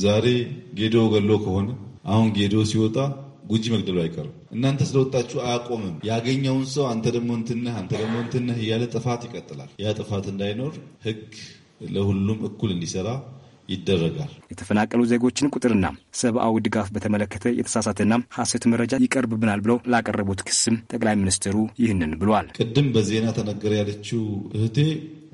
ዛሬ ጌዶ ገሎ ከሆነ አሁን ጌዶ ሲወጣ ጉጂ መግደሉ አይቀርም። እናንተ ስለወጣችሁ አያቆምም። ያገኘውን ሰው አንተ ደግሞ እንትነህ አንተ ደግሞ እንትነህ እያለ ጥፋት ይቀጥላል። ያ ጥፋት እንዳይኖር ህግ ለሁሉም እኩል እንዲሰራ ይደረጋል። የተፈናቀሉ ዜጎችን ቁጥርና ሰብአዊ ድጋፍ በተመለከተ የተሳሳተና ሐሰት መረጃ ይቀርብብናል ብለው ላቀረቡት ክስም ጠቅላይ ሚኒስትሩ ይህንን ብሏል። ቅድም በዜና ተነገረ ያለችው እህቴ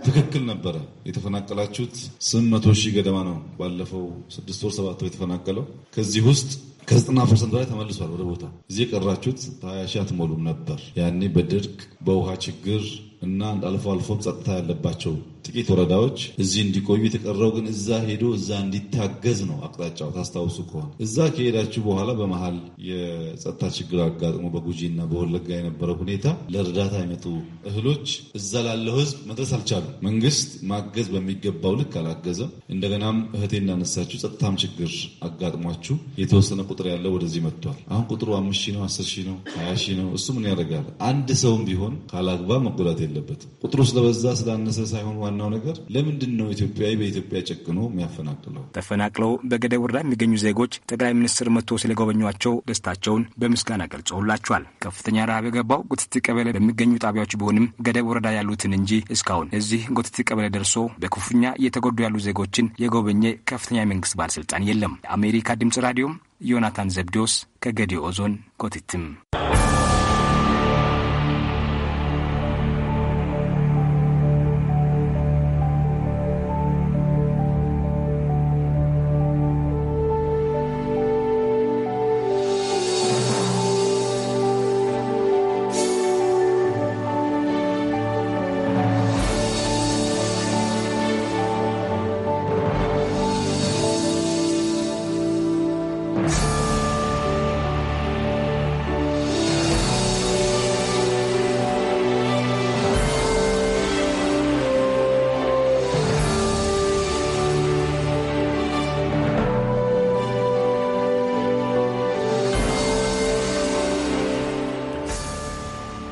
ትክክል ነበረ። የተፈናቀላችሁት ስምንት መቶ ሺህ ገደማ ነው። ባለፈው ስድስት ወር ሰባት ወር የተፈናቀለው ከዚህ ውስጥ ከዘጠና ፐርሰንት በላይ ተመልሷል ወደ ቦታ። እዚህ የቀራችሁት በሀያ ሺህ አትሞሉም ነበር ያኔ በድርቅ በውሃ ችግር እና አልፎ አልፎም ጸጥታ ያለባቸው ጥቂት ወረዳዎች እዚህ እንዲቆዩ የተቀረው ግን እዛ ሄዶ እዛ እንዲታገዝ ነው አቅጣጫው። ታስታውሱ ከሆነ እዛ ከሄዳችሁ በኋላ በመሀል የጸጥታ ችግር አጋጥሞ በጉጂና በወለጋ የነበረው ሁኔታ ለእርዳታ የመጡ እህሎች እዛ ላለው ህዝብ መድረስ አልቻሉም። መንግስት ማገዝ በሚገባው ልክ አላገዘም። እንደገናም እህቴ እናነሳችሁ ጸጥታም ችግር አጋጥሟችሁ የተወሰነ ቁጥር ያለው ወደዚህ መጥቷል። አሁን ቁጥሩ አምስት ሺህ ነው፣ አስር ሺህ ነው፣ ሀያ ሺህ ነው። እሱ ምን ያደርጋል? አንድ ሰውም ቢሆን ካላግባ መጎዳት የለበትም። ቁጥሩ ስለበዛ ስላነሰ ሳይሆን ዋና ዋናው ነገር ለምንድን ነው ኢትዮጵያዊ በኢትዮጵያ ጨክኖ የሚያፈናቅለው? ተፈናቅለው በገደብ ወረዳ የሚገኙ ዜጎች ጠቅላይ ሚኒስትር መጥቶ ስለጎበኟቸው ደስታቸውን በምስጋና ገልጸውላቸዋል። ከፍተኛ ረሃብ የገባው ጎትቲ ቀበሌ በሚገኙ ጣቢያዎች ቢሆንም ገደብ ወረዳ ያሉትን እንጂ እስካሁን እዚህ ጎትቲ ቀበሌ ደርሶ በክፉኛ እየተጎዱ ያሉ ዜጎችን የጎበኘ ከፍተኛ የመንግስት ባለስልጣን የለም። የአሜሪካ ድምጽ ራዲዮም ዮናታን ዘብዲዎስ ከገዲኦ ዞን ጎትትም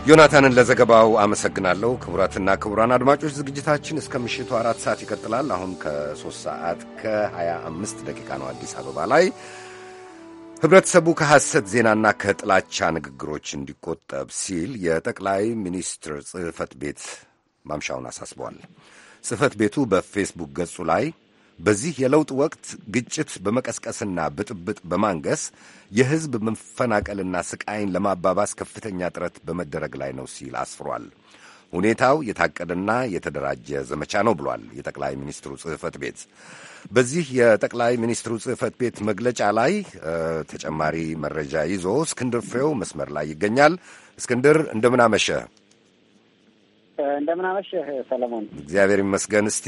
ዮናታንን ለዘገባው አመሰግናለሁ። ክቡራትና ክቡራን አድማጮች ዝግጅታችን እስከ ምሽቱ አራት ሰዓት ይቀጥላል። አሁን ከሶስት ሰዓት ከሀያ አምስት ደቂቃ ነው አዲስ አበባ ላይ። ህብረተሰቡ ከሐሰት ዜናና ከጥላቻ ንግግሮች እንዲቆጠብ ሲል የጠቅላይ ሚኒስትር ጽህፈት ቤት ማምሻውን አሳስበዋል። ጽህፈት ቤቱ በፌስቡክ ገጹ ላይ በዚህ የለውጥ ወቅት ግጭት በመቀስቀስና ብጥብጥ በማንገስ የሕዝብ መፈናቀልና ስቃይን ለማባባስ ከፍተኛ ጥረት በመደረግ ላይ ነው ሲል አስፍሯል። ሁኔታው የታቀደና የተደራጀ ዘመቻ ነው ብሏል የጠቅላይ ሚኒስትሩ ጽህፈት ቤት። በዚህ የጠቅላይ ሚኒስትሩ ጽህፈት ቤት መግለጫ ላይ ተጨማሪ መረጃ ይዞ እስክንድር ፍሬው መስመር ላይ ይገኛል። እስክንድር እንደምን አመሸህ? እንደምን አመሸህ ሰለሞን። እግዚአብሔር ይመስገን። እስቲ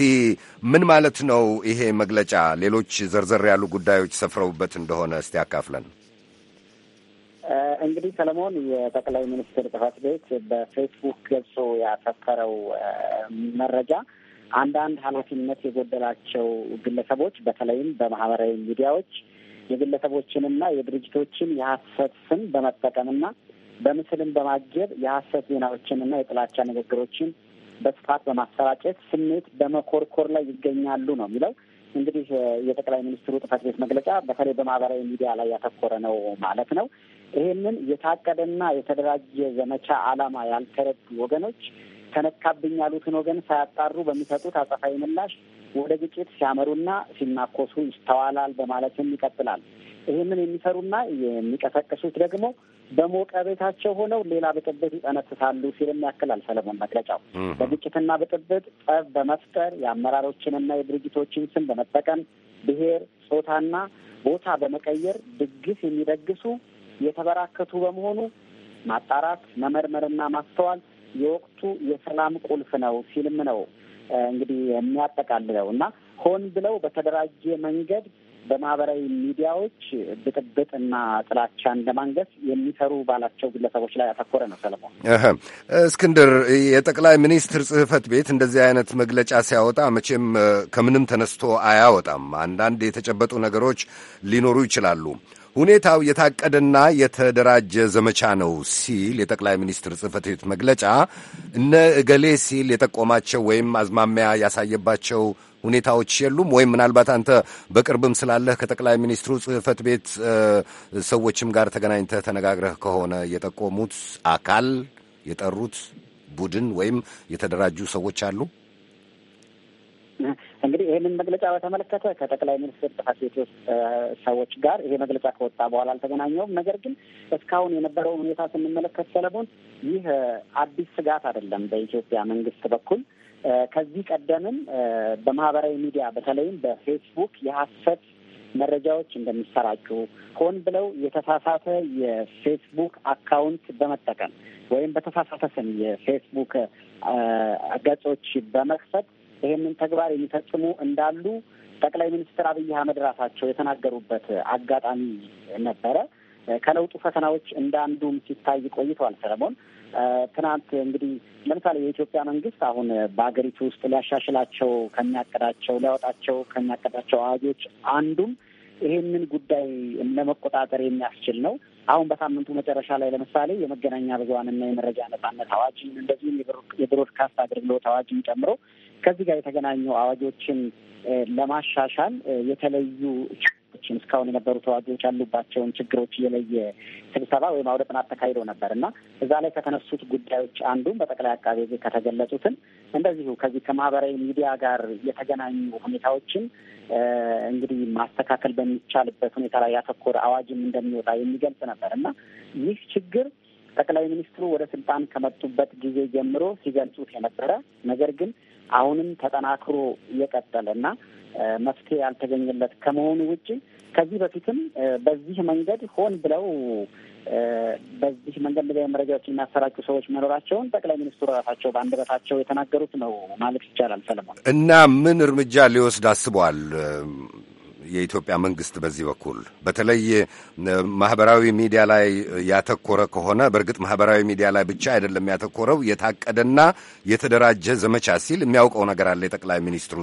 ምን ማለት ነው ይሄ መግለጫ? ሌሎች ዘርዘር ያሉ ጉዳዮች ሰፍረውበት እንደሆነ እስቲ አካፍለን። እንግዲህ ሰለሞን የጠቅላይ ሚኒስትር ጽፈት ቤት በፌስቡክ ገጹ ያሰፈረው መረጃ አንዳንድ ኃላፊነት የጎደላቸው ግለሰቦች በተለይም በማህበራዊ ሚዲያዎች የግለሰቦችንና የድርጅቶችን የሀሰት ስም በመጠቀምና በምስልም በማጀብ የሀሰት ዜናዎችንና የጥላቻ ንግግሮችን በስፋት በማሰራጨት ስሜት በመኮርኮር ላይ ይገኛሉ ነው የሚለው። እንግዲህ የጠቅላይ ሚኒስትሩ ጽሕፈት ቤት መግለጫ በተለይ በማህበራዊ ሚዲያ ላይ ያተኮረ ነው ማለት ነው። ይህንን የታቀደና የተደራጀ ዘመቻ ዓላማ ያልተረዱ ወገኖች ተነካብኝ ያሉትን ወገን ሳያጣሩ በሚሰጡት አጸፋዊ ምላሽ ወደ ግጭት ሲያመሩና ሲናኮሱ ይስተዋላል በማለትም ይቀጥላል። ይህንን የሚሰሩና የሚቀሰቅሱት ደግሞ በሞቀ ቤታቸው ሆነው ሌላ ብጥብጥ ይጠነስሳሉ ሲልም ያክላል ሰለሞን መግለጫው። በግጭትና ብጥብጥ ጠብ በመፍጠር የአመራሮችንና የድርጅቶችን ስም በመጠቀም ብሔር፣ ጾታና ቦታ በመቀየር ድግስ የሚደግሱ የተበራከቱ በመሆኑ ማጣራት፣ መመርመርና ማስተዋል የወቅቱ የሰላም ቁልፍ ነው ሲልም ነው እንግዲህ የሚያጠቃልለው እና ሆን ብለው በተደራጀ መንገድ በማህበራዊ ሚዲያዎች ብጥብጥና ጥላቻን ለማንገስ የሚሰሩ ባላቸው ግለሰቦች ላይ ያተኮረ ነው። ሰለሞን እስክንድር፣ የጠቅላይ ሚኒስትር ጽህፈት ቤት እንደዚህ አይነት መግለጫ ሲያወጣ መቼም ከምንም ተነስቶ አያወጣም። አንዳንድ የተጨበጡ ነገሮች ሊኖሩ ይችላሉ። ሁኔታው የታቀደና የተደራጀ ዘመቻ ነው ሲል የጠቅላይ ሚኒስትር ጽህፈት ቤት መግለጫ እነ እገሌ ሲል የጠቆማቸው ወይም አዝማሚያ ያሳየባቸው ሁኔታዎች የሉም ወይም ምናልባት አንተ በቅርብም ስላለህ ከጠቅላይ ሚኒስትሩ ጽህፈት ቤት ሰዎችም ጋር ተገናኝተህ ተነጋግረህ ከሆነ የጠቆሙት አካል የጠሩት ቡድን ወይም የተደራጁ ሰዎች አሉ? እንግዲህ ይህንን መግለጫ በተመለከተ ከጠቅላይ ሚኒስትር ጽሕፈት ቤት ውስጥ ሰዎች ጋር ይሄ መግለጫ ከወጣ በኋላ አልተገናኘውም። ነገር ግን እስካሁን የነበረውን ሁኔታ ስንመለከት ሰለሞን፣ ይህ አዲስ ስጋት አይደለም በኢትዮጵያ መንግስት በኩል ከዚህ ቀደምም በማህበራዊ ሚዲያ በተለይም በፌስቡክ የሀሰት መረጃዎች እንደሚሰራጩ ሆን ብለው የተሳሳተ የፌስቡክ አካውንት በመጠቀም ወይም በተሳሳተ ስም የፌስቡክ ገጾች በመክፈት ይህንን ተግባር የሚፈጽሙ እንዳሉ ጠቅላይ ሚኒስትር አብይ አህመድ ራሳቸው የተናገሩበት አጋጣሚ ነበረ። ከለውጡ ፈተናዎች አንዱም ሲታይ ቆይተዋል። ሰለሞን፣ ትናንት እንግዲህ ለምሳሌ የኢትዮጵያ መንግስት አሁን በሀገሪቱ ውስጥ ሊያሻሽላቸው ከሚያቀዳቸው ሊያወጣቸው ከሚያቀዳቸው አዋጆች አንዱም ይሄንን ጉዳይ ለመቆጣጠር የሚያስችል ነው። አሁን በሳምንቱ መጨረሻ ላይ ለምሳሌ የመገናኛ ብዙኃንና የመረጃ ነጻነት አዋጅን እንደዚሁም የብሮድካስት አገልግሎት አዋጅን ጨምሮ ከዚህ ጋር የተገናኙ አዋጆችን ለማሻሻል የተለዩ ተዋጊዎችን እስካሁን የነበሩ ተዋጊዎች ያሉባቸውን ችግሮች እየለየ ስብሰባ ወይም አውደ ጥናት ተካሂዶ ነበር እና እዛ ላይ ከተነሱት ጉዳዮች አንዱም በጠቅላይ አቃቤ ሕግ እንደዚሁ ከዚህ ከማህበራዊ ሚዲያ ጋር የተገናኙ ሁኔታዎችን እንግዲህ ማስተካከል በሚቻልበት ሁኔታ ላይ ያተኮረ አዋጅም እንደሚወጣ የሚገልጽ ነበር እና ይህ ችግር ጠቅላይ ሚኒስትሩ ወደ ስልጣን ከመጡበት ጊዜ ጀምሮ ሲገልጹት የነበረ ነገር ግን አሁንም ተጠናክሮ እየቀጠለ እና መፍትሄ ያልተገኘለት ከመሆኑ ውጭ ከዚህ በፊትም በዚህ መንገድ ሆን ብለው በዚህ መንገድ ላይ መረጃዎች የሚያሰራጩ ሰዎች መኖራቸውን ጠቅላይ ሚኒስትሩ ራሳቸው በአንደበታቸው የተናገሩት ነው ማለት ይቻላል። ሰለሞን እና ምን እርምጃ ሊወስድ አስቧል የኢትዮጵያ መንግስት በዚህ በኩል በተለይ ማህበራዊ ሚዲያ ላይ ያተኮረ ከሆነ በእርግጥ ማህበራዊ ሚዲያ ላይ ብቻ አይደለም ያተኮረው፣ የታቀደና የተደራጀ ዘመቻ ሲል የሚያውቀው ነገር አለ የጠቅላይ ሚኒስትሩ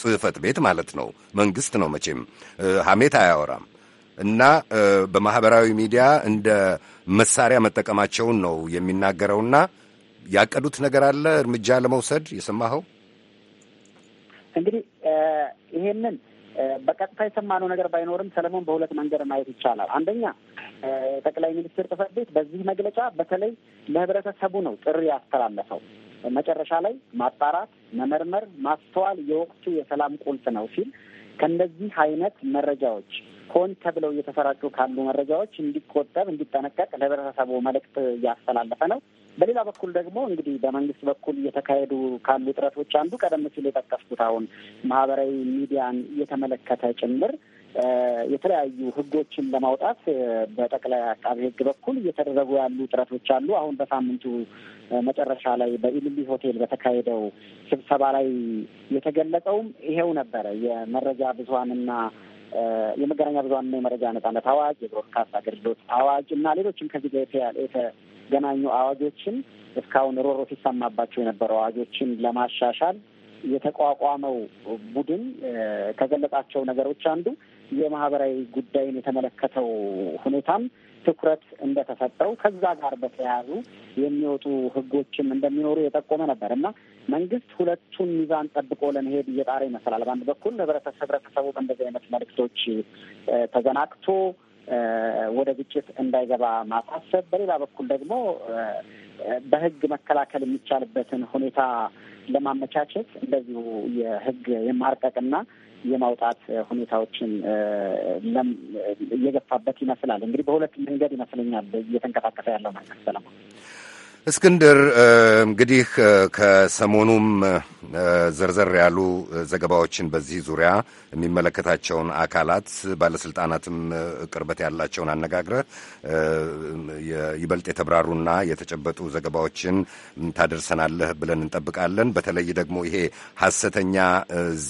ጽህፈት ቤት ማለት ነው። መንግስት ነው መቼም ሀሜት አያወራም። እና በማህበራዊ ሚዲያ እንደ መሳሪያ መጠቀማቸውን ነው የሚናገረውና ያቀዱት ነገር አለ እርምጃ ለመውሰድ የሰማኸው እንግዲህ ይሄንን በቀጥታ የሰማነው ነገር ባይኖርም ሰለሞን በሁለት መንገድ ማየት ይቻላል። አንደኛ ጠቅላይ ሚኒስትር ጽህፈት ቤት በዚህ መግለጫ በተለይ ለህብረተሰቡ ነው ጥሪ ያስተላለፈው። መጨረሻ ላይ ማጣራት፣ መመርመር፣ ማስተዋል የወቅቱ የሰላም ቁልፍ ነው ሲል ከእነዚህ አይነት መረጃዎች ሆን ተብለው እየተሰራጩ ካሉ መረጃዎች እንዲቆጠብ፣ እንዲጠነቀቅ ለህብረተሰቡ መልእክት እያስተላለፈ ነው። በሌላ በኩል ደግሞ እንግዲህ በመንግስት በኩል እየተካሄዱ ካሉ ጥረቶች አንዱ ቀደም ሲል የጠቀስኩት አሁን ማህበራዊ ሚዲያን እየተመለከተ ጭምር የተለያዩ ህጎችን ለማውጣት በጠቅላይ አቃቤ ህግ በኩል እየተደረጉ ያሉ ጥረቶች አሉ። አሁን በሳምንቱ መጨረሻ ላይ በኢልሊ ሆቴል በተካሄደው ስብሰባ ላይ የተገለጸውም ይሄው ነበረ። የመረጃ ብዙሀንና የመገናኛ ብዙሀንና የመረጃ ነጻነት አዋጅ፣ የብሮድካስት አገልግሎት አዋጅ እና ሌሎችም ከዚህ ጋር የተገናኙ አዋጆችን እስካሁን ሮሮ ሲሰማባቸው የነበሩ አዋጆችን ለማሻሻል የተቋቋመው ቡድን ከገለጻቸው ነገሮች አንዱ የማህበራዊ ጉዳይን የተመለከተው ሁኔታም ትኩረት እንደተሰጠው ከዛ ጋር በተያያዙ የሚወጡ ህጎችም እንደሚኖሩ የጠቆመ ነበር እና መንግስት ሁለቱን ሚዛን ጠብቆ ለመሄድ እየጣረ ይመስላል። በአንድ በኩል ህብረተሰብ ህብረተሰቡ በእንደዚህ አይነት መልእክቶች ተዘናግቶ ወደ ግጭት እንዳይገባ ማሳሰብ፣ በሌላ በኩል ደግሞ በህግ መከላከል የሚቻልበትን ሁኔታ ለማመቻቸት እንደዚሁ የህግ የማርቀቅና የማውጣት ሁኔታዎችን እየገፋበት ይመስላል። እንግዲህ በሁለት መንገድ ይመስለኛል እየተንቀሳቀሰ ያለው ነገር ሰለሞን እስክንድር እንግዲህ ከሰሞኑም ዘርዘር ያሉ ዘገባዎችን በዚህ ዙሪያ የሚመለከታቸውን አካላት ባለስልጣናትም ቅርበት ያላቸውን አነጋግረ ይበልጥ የተብራሩና የተጨበጡ ዘገባዎችን ታደርሰናለህ ብለን እንጠብቃለን። በተለይ ደግሞ ይሄ ሐሰተኛ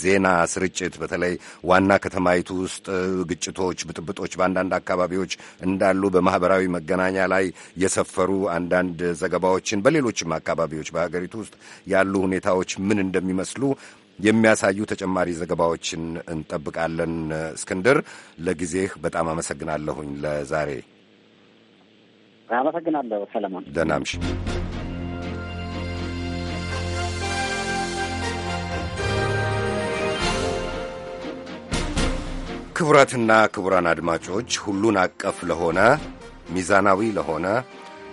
ዜና ስርጭት በተለይ ዋና ከተማይቱ ውስጥ ግጭቶች፣ ብጥብጦች በአንዳንድ አካባቢዎች እንዳሉ በማህበራዊ መገናኛ ላይ የሰፈሩ አንዳንድ ዘገባዎችን በሌሎችም አካባቢዎች በሀገሪቱ ውስጥ ያሉ ሁኔታዎች ምን እንደሚመስሉ የሚያሳዩ ተጨማሪ ዘገባዎችን እንጠብቃለን። እስክንድር፣ ለጊዜህ በጣም አመሰግናለሁኝ። ለዛሬ አመሰግናለሁ ሰለሞን። ደህና እምሽ። ክቡራትና ክቡራን አድማጮች ሁሉን አቀፍ ለሆነ ሚዛናዊ ለሆነ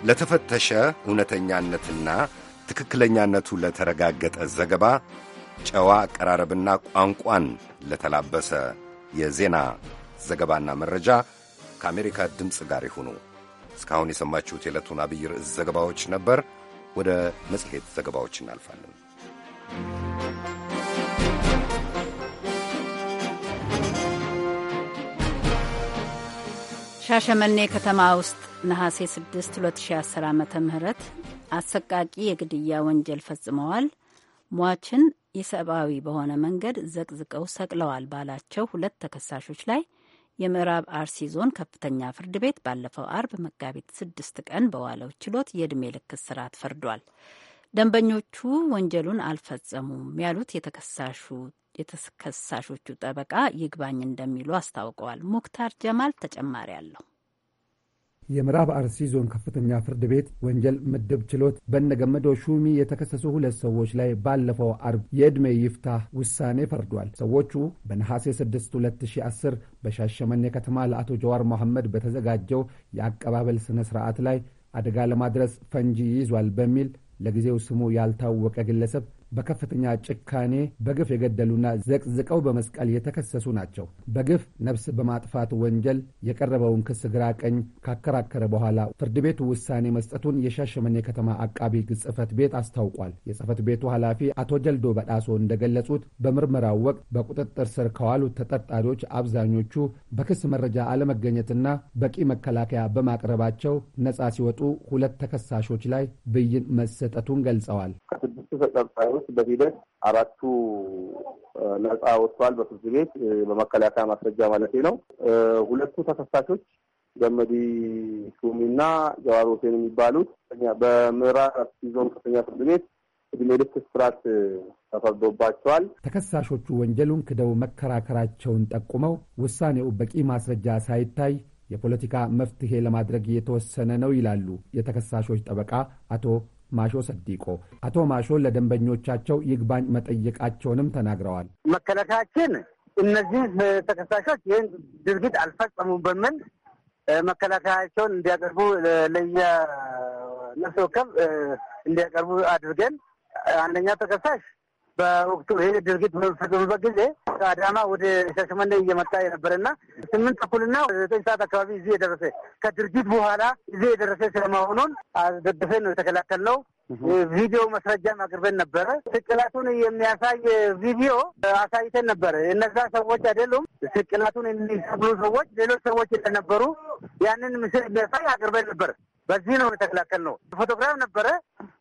ለተፈተሸ እውነተኛነትና ትክክለኛነቱ ለተረጋገጠ ዘገባ ጨዋ አቀራረብና ቋንቋን ለተላበሰ የዜና ዘገባና መረጃ ከአሜሪካ ድምፅ ጋር ይሁኑ። እስካሁን የሰማችሁት የዕለቱን አብይ ርዕስ ዘገባዎች ነበር። ወደ መጽሔት ዘገባዎች እናልፋለን። ሻሸመኔ ከተማ ውስጥ ነሐሴ 6 2010 ዓ ም አሰቃቂ የግድያ ወንጀል ፈጽመዋል፣ ሟችን ኢሰብአዊ በሆነ መንገድ ዘቅዝቀው ሰቅለዋል ባላቸው ሁለት ተከሳሾች ላይ የምዕራብ አርሲ ዞን ከፍተኛ ፍርድ ቤት ባለፈው አርብ መጋቢት ስድስት ቀን በዋለው ችሎት የዕድሜ ልክ እስራት ፈርዷል። ደንበኞቹ ወንጀሉን አልፈጸሙም ያሉት የተከሳሾቹ ጠበቃ ይግባኝ እንደሚሉ አስታውቀዋል። ሙክታር ጀማል ተጨማሪ አለው። የምዕራብ አርሲ ዞን ከፍተኛ ፍርድ ቤት ወንጀል ምድብ ችሎት በነገመዶ ሹሚ የተከሰሱ ሁለት ሰዎች ላይ ባለፈው አርብ የዕድሜ ይፍታ ውሳኔ ፈርዷል። ሰዎቹ በነሐሴ 6 2010 በሻሸመኔ ከተማ ለአቶ ጀዋር መሐመድ በተዘጋጀው የአቀባበል ሥነ ሥርዓት ላይ አደጋ ለማድረስ ፈንጂ ይዟል በሚል ለጊዜው ስሙ ያልታወቀ ግለሰብ በከፍተኛ ጭካኔ በግፍ የገደሉና ዘቅዝቀው በመስቀል የተከሰሱ ናቸው። በግፍ ነፍስ በማጥፋት ወንጀል የቀረበውን ክስ ግራ ቀኝ ካከራከረ በኋላ ፍርድ ቤቱ ውሳኔ መስጠቱን የሻሸመኔ ከተማ አቃቢ ሕግ ቤት አስታውቋል። የጽሕፈት ቤቱ ኃላፊ አቶ ጀልዶ በጣሶ እንደገለጹት በምርመራው ወቅት በቁጥጥር ስር ከዋሉት ተጠርጣሪዎች አብዛኞቹ በክስ መረጃ አለመገኘትና በቂ መከላከያ በማቅረባቸው ነጻ ሲወጡ ሁለት ተከሳሾች ላይ ብይን መሰጠቱን ገልጸዋል። ከስድስቱ ተጠርጣሪዎች በሚደርስበት ሂደት አራቱ ነጻ ወጥቷል በፍርድ ቤት በመከላከያ ማስረጃ ማለት ነው። ሁለቱ ተከሳሾች ገመዲ ሹሚ ጀዋር ሁሴን የሚባሉት በምዕራብ አርሲ ዞን ከፍተኛ ፍርድ ቤት እድሜ ልክ እስራት ተፈርዶባቸዋል። ተከሳሾቹ ወንጀሉን ክደው መከራከራቸውን ጠቁመው ውሳኔው በቂ ማስረጃ ሳይታይ የፖለቲካ መፍትሄ ለማድረግ የተወሰነ ነው ይላሉ የተከሳሾች ጠበቃ አቶ ማሾ ሰዲቆ። አቶ ማሾ ለደንበኞቻቸው ይግባኝ መጠየቃቸውንም ተናግረዋል። መከላከያችን እነዚህ ተከሳሾች ይህን ድርጊት አልፈጸሙም በምን መከላከያቸውን እንዲያቀርቡ ለየ ነፍስ ወከፍ እንዲያቀርቡ አድርገን አንደኛ ተከሳሽ በወቅቱ ይህ ድርጊት በሚፈጸምበት ጊዜ አዳማ ወደ ሻሸመኔ እየመጣ የነበረና ስምንት ተኩልና ዘጠኝ ሰዓት አካባቢ እዚህ የደረሰ ከድርጊት በኋላ እዚህ የደረሰ ስለመሆኑን አስደግፌ ነው የተከላከልነው። ቪዲዮ መስረጃም አቅርበን ነበረ። ስቅላቱን የሚያሳይ ቪዲዮ አሳይተን ነበረ። እነዛ ሰዎች አይደሉም ስቅላቱን የሚሰብሉ ሰዎች፣ ሌሎች ሰዎች እንደነበሩ ያንን ምስል የሚያሳይ አቅርበን ነበር። በዚህ ነው የተከላከልነው። ፎቶግራፍ ነበረ።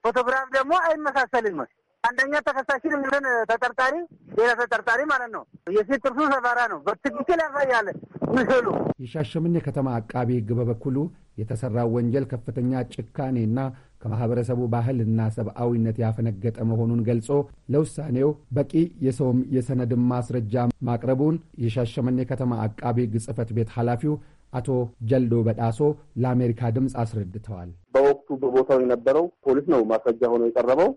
ፎቶግራፍ ደግሞ አይመሳሰልም አንደኛ ተከሳሽን ምትን ተጠርጣሪ ሌላ ተጠርጣሪ ማለት ነው። የሴት ጥርሱ ሰፋራ ነው በትክክል ያሳያል ምስሉ። የሻሸመኔ ከተማ አቃቢ ሕግ በበኩሉ የተሰራው ወንጀል ከፍተኛ ጭካኔና ከማህበረሰቡ ባህልና ሰብአዊነት ያፈነገጠ መሆኑን ገልጾ ለውሳኔው በቂ የሰውም የሰነድም ማስረጃ ማቅረቡን የሻሸመኔ ከተማ አቃቢ ሕግ ጽፈት ቤት ኃላፊው አቶ ጀልዶ በጣሶ ለአሜሪካ ድምፅ አስረድተዋል። በወቅቱ በቦታው የነበረው ፖሊስ ነው ማስረጃ ሆኖ የቀረበው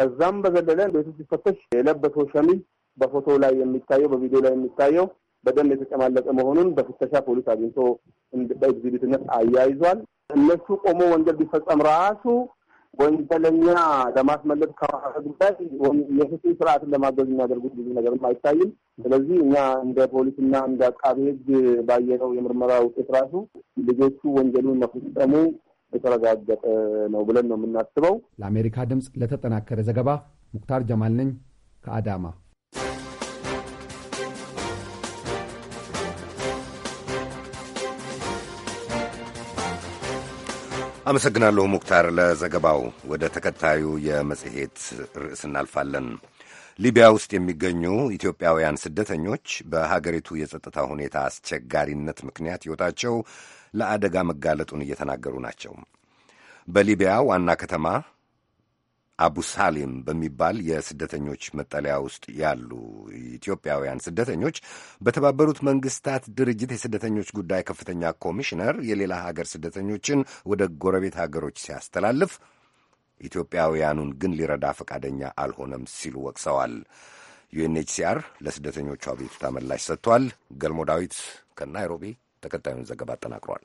ከዛም በዘለለ ቤቱ ሲፈተሽ የለበሰው ሸሚዝ በፎቶ ላይ የሚታየው በቪዲዮ ላይ የሚታየው በደንብ የተጨማለቀ መሆኑን በፍተሻ ፖሊስ አግኝቶ በኤግዚቢትነት አያይዟል። እነሱ ቆሞ ወንጀል ቢፈጸም ራሱ ወንጀለኛ ለማስመለጥ ከማድረግ ላይ የፍትህ ስርዓትን ለማገዝ የሚያደርጉት ብዙ ነገርም አይታይም። ስለዚህ እኛ እንደ ፖሊስና እንደ አቃቤ ሕግ ባየነው የምርመራ ውጤት ራሱ ልጆቹ ወንጀሉን መፈጸሙ የተረጋገጠ ነው ብለን ነው የምናስበው። ለአሜሪካ ድምፅ ለተጠናከረ ዘገባ ሙክታር ጀማል ነኝ ከአዳማ። አመሰግናለሁ ሙክታር ለዘገባው። ወደ ተከታዩ የመጽሔት ርዕስ እናልፋለን። ሊቢያ ውስጥ የሚገኙ ኢትዮጵያውያን ስደተኞች በሀገሪቱ የጸጥታ ሁኔታ አስቸጋሪነት ምክንያት ሕይወታቸው ለአደጋ መጋለጡን እየተናገሩ ናቸው። በሊቢያ ዋና ከተማ አቡሳሌም በሚባል የስደተኞች መጠለያ ውስጥ ያሉ ኢትዮጵያውያን ስደተኞች በተባበሩት መንግስታት ድርጅት የስደተኞች ጉዳይ ከፍተኛ ኮሚሽነር የሌላ ሀገር ስደተኞችን ወደ ጎረቤት ሀገሮች ሲያስተላልፍ ኢትዮጵያውያኑን ግን ሊረዳ ፈቃደኛ አልሆነም ሲሉ ወቅሰዋል። ዩኤንኤችሲአር ለስደተኞቹ አቤቱታ ምላሽ ሰጥቷል። ገልሞ ዳዊት ከናይሮቢ ተከታዩን ዘገባ አጠናቅሯል።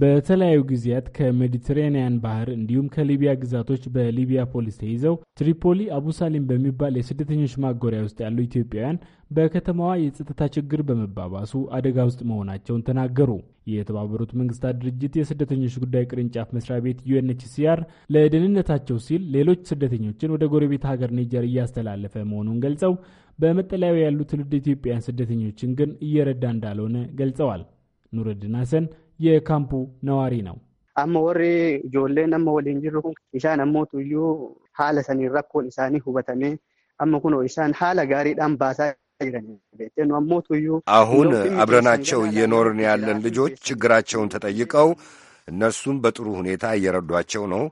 በተለያዩ ጊዜያት ከሜዲትሬንያን ባህር እንዲሁም ከሊቢያ ግዛቶች በሊቢያ ፖሊስ ተይዘው ትሪፖሊ አቡሳሊም በሚባል የስደተኞች ማጎሪያ ውስጥ ያሉ ኢትዮጵያውያን በከተማዋ የጸጥታ ችግር በመባባሱ አደጋ ውስጥ መሆናቸውን ተናገሩ። የተባበሩት መንግስታት ድርጅት የስደተኞች ጉዳይ ቅርንጫፍ መስሪያ ቤት ዩኤንኤችሲአር ለደህንነታቸው ሲል ሌሎች ስደተኞችን ወደ ጎረቤት ሀገር ኒጀር እያስተላለፈ መሆኑን ገልጸው በመጠለያው ያሉ ትውልድ ኢትዮጵያውያን ስደተኞችን ግን እየረዳ እንዳልሆነ ገልጸዋል። ኑረድን ሀሰን የካምፑ ነዋሪ ነው። አመ ወሬ ጆሌ ነመ ወሊን ጅሩ ኢሳን አሞቱ እዩ ሀለ ሰኒ ረኮን ኢሳኒ ሁበተሜ አመ ኩኖ ኢሳን ሀለ ጋሪዳን ባሳ አሁን አብረናቸው እየኖርን ያለን ልጆች ችግራቸውን ተጠይቀው እነርሱም በጥሩ ሁኔታ እየረዷቸው ነው።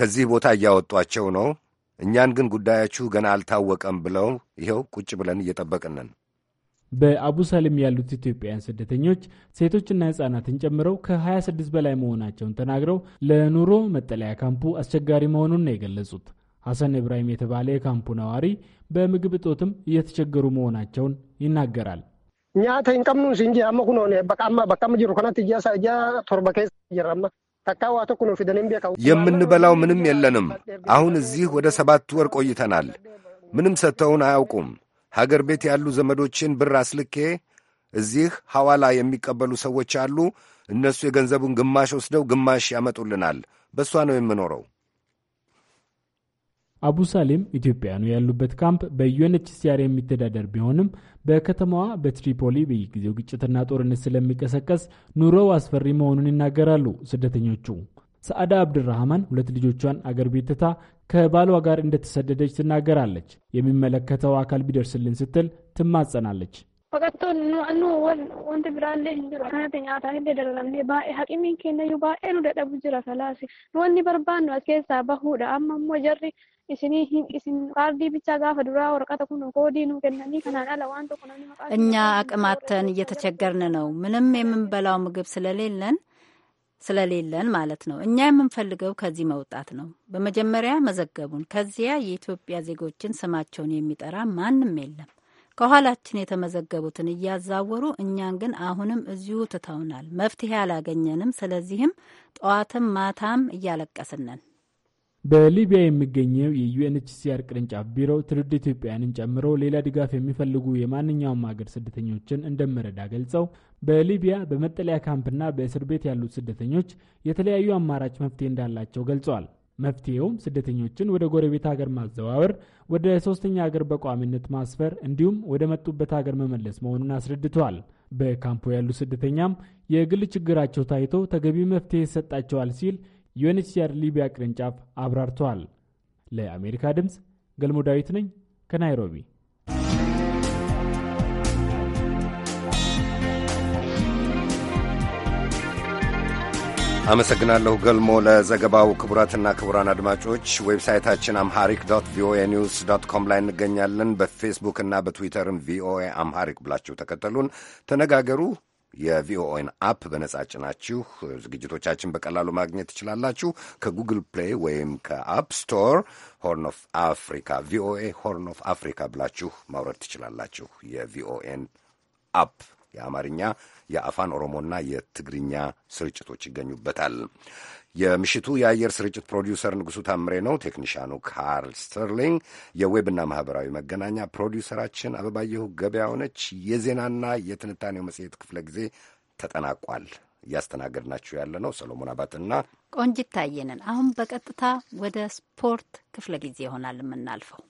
ከዚህ ቦታ እያወጧቸው ነው። እኛን ግን ጉዳያችሁ ገና አልታወቀም ብለው ይኸው ቁጭ ብለን እየጠበቅን ነን። ያሉት ኢትዮጵያውያን ስደተኞች ሴቶችና ህጻናትን ጨምረው ከ26 በላይ መሆናቸውን ተናግረው ለኑሮ መጠለያ ካምፑ አስቸጋሪ መሆኑን ነው የገለጹት። ሐሰን ኢብራሂም የተባለ የካምፑ ነዋሪ በምግብ እጦትም እየተቸገሩ መሆናቸውን ይናገራል። ኛ ተንቀምኑ ሲንጂ አመ በቃማ በቃም ጅሩ ከናት እያሳ እያ ቶርበ ኬስ ጀራማ የምንበላው ምንም የለንም። አሁን እዚህ ወደ ሰባት ወር ቆይተናል። ምንም ሰጥተውን አያውቁም። ሀገር ቤት ያሉ ዘመዶችን ብር አስልኬ እዚህ ሐዋላ የሚቀበሉ ሰዎች አሉ። እነሱ የገንዘቡን ግማሽ ወስደው ግማሽ ያመጡልናል። በእሷ ነው የምኖረው። አቡ ሳሌም ኢትዮጵያውያኑ ያሉበት ካምፕ በዩኤንኤችሲአር የሚተዳደር ቢሆንም በከተማዋ በትሪፖሊ በየጊዜው ግጭትና ጦርነት ስለሚቀሰቀስ ኑሮው አስፈሪ መሆኑን ይናገራሉ ስደተኞቹ። ሰዓዳ አብድራህማን ሁለት ልጆቿን አገር ቤት ትታ ከባሏ ጋር እንደተሰደደች ትናገራለች። የሚመለከተው አካል ቢደርስልን ስትል ትማጸናለች። Baqattoon nu wanti biraan illee hin jiru. Kana nyaatan illee dararamnee baay'ee haqimiin keenya iyyuu baay'ee nu dadhabu jira kalaasi. Wanni barbaannu as keessaa bahuudha. Amma immoo jarri isinii hin isin kaardii bichaa gaafa duraa warqata kun koodii nu kennanii kanaan ala waan tokko namni maqaa እኛ አቅማተን እየተቸገርን ነው። ምንም የምንበላው ምግብ ስለሌለን ስለሌለን ማለት ነው። እኛ የምንፈልገው ከዚህ መውጣት ነው። በመጀመሪያ መዘገቡን፣ ከዚያ የኢትዮጵያ ዜጎችን ስማቸውን የሚጠራ ማንም የለም። ከኋላችን የተመዘገቡትን እያዛወሩ እኛን ግን አሁንም እዚሁ ትተውናል። መፍትሄ አላገኘንም። ስለዚህም ጠዋትም ማታም እያለቀስንን በሊቢያ የሚገኘው የዩኤንኤችሲአር ቅርንጫፍ ቢሮ ትውልድ ኢትዮጵያውያንን ጨምሮ ሌላ ድጋፍ የሚፈልጉ የማንኛውም ሀገር ስደተኞችን እንደሚረዳ ገልጸው በሊቢያ በመጠለያ ካምፕና በእስር ቤት ያሉት ስደተኞች የተለያዩ አማራጭ መፍትሄ እንዳላቸው ገልጸዋል። መፍትሄውም ስደተኞችን ወደ ጎረቤት ሀገር ማዘዋወር፣ ወደ ሶስተኛ ሀገር በቋሚነት ማስፈር እንዲሁም ወደ መጡበት ሀገር መመለስ መሆኑን አስረድተዋል። በካምፖ ያሉ ስደተኛም የግል ችግራቸው ታይቶ ተገቢ መፍትሄ ይሰጣቸዋል ሲል ዩኤንኤችሲአር ሊቢያ ቅርንጫፍ አብራርተዋል። ለአሜሪካ ድምፅ ገልሞ ዳዊት ነኝ ከናይሮቢ አመሰግናለሁ ገልሞ ለዘገባው። ክቡራትና ክቡራን አድማጮች ዌብሳይታችን አምሃሪክ ዶት ቪኦኤ ኒውስ ዶት ኮም ላይ እንገኛለን። በፌስቡክ እና በትዊተርም ቪኦኤ አምሃሪክ ብላችሁ ተከተሉን፣ ተነጋገሩ። የቪኦኤን አፕ በነጻ ጭናችሁ ዝግጅቶቻችን በቀላሉ ማግኘት ትችላላችሁ። ከጉግል ፕሌይ ወይም ከአፕ ስቶር ሆርን ኦፍ አፍሪካ ቪኦኤ ሆርን ኦፍ አፍሪካ ብላችሁ ማውረድ ትችላላችሁ የቪኦኤን አፕ የአማርኛ፣ የአፋን ኦሮሞና የትግርኛ ስርጭቶች ይገኙበታል። የምሽቱ የአየር ስርጭት ፕሮዲውሰር ንጉሡ ታምሬ ነው። ቴክኒሻኑ ካርል ስተርሊንግ፣ የዌብና ማህበራዊ መገናኛ ፕሮዲውሰራችን አበባየሁ ገበያው ነች። የዜናና የትንታኔው መጽሔት ክፍለ ጊዜ ተጠናቋል። እያስተናገድናችሁ ያለ ነው ሰሎሞን አባትና ቆንጂት ታየነን። አሁን በቀጥታ ወደ ስፖርት ክፍለ ጊዜ ይሆናል የምናልፈው።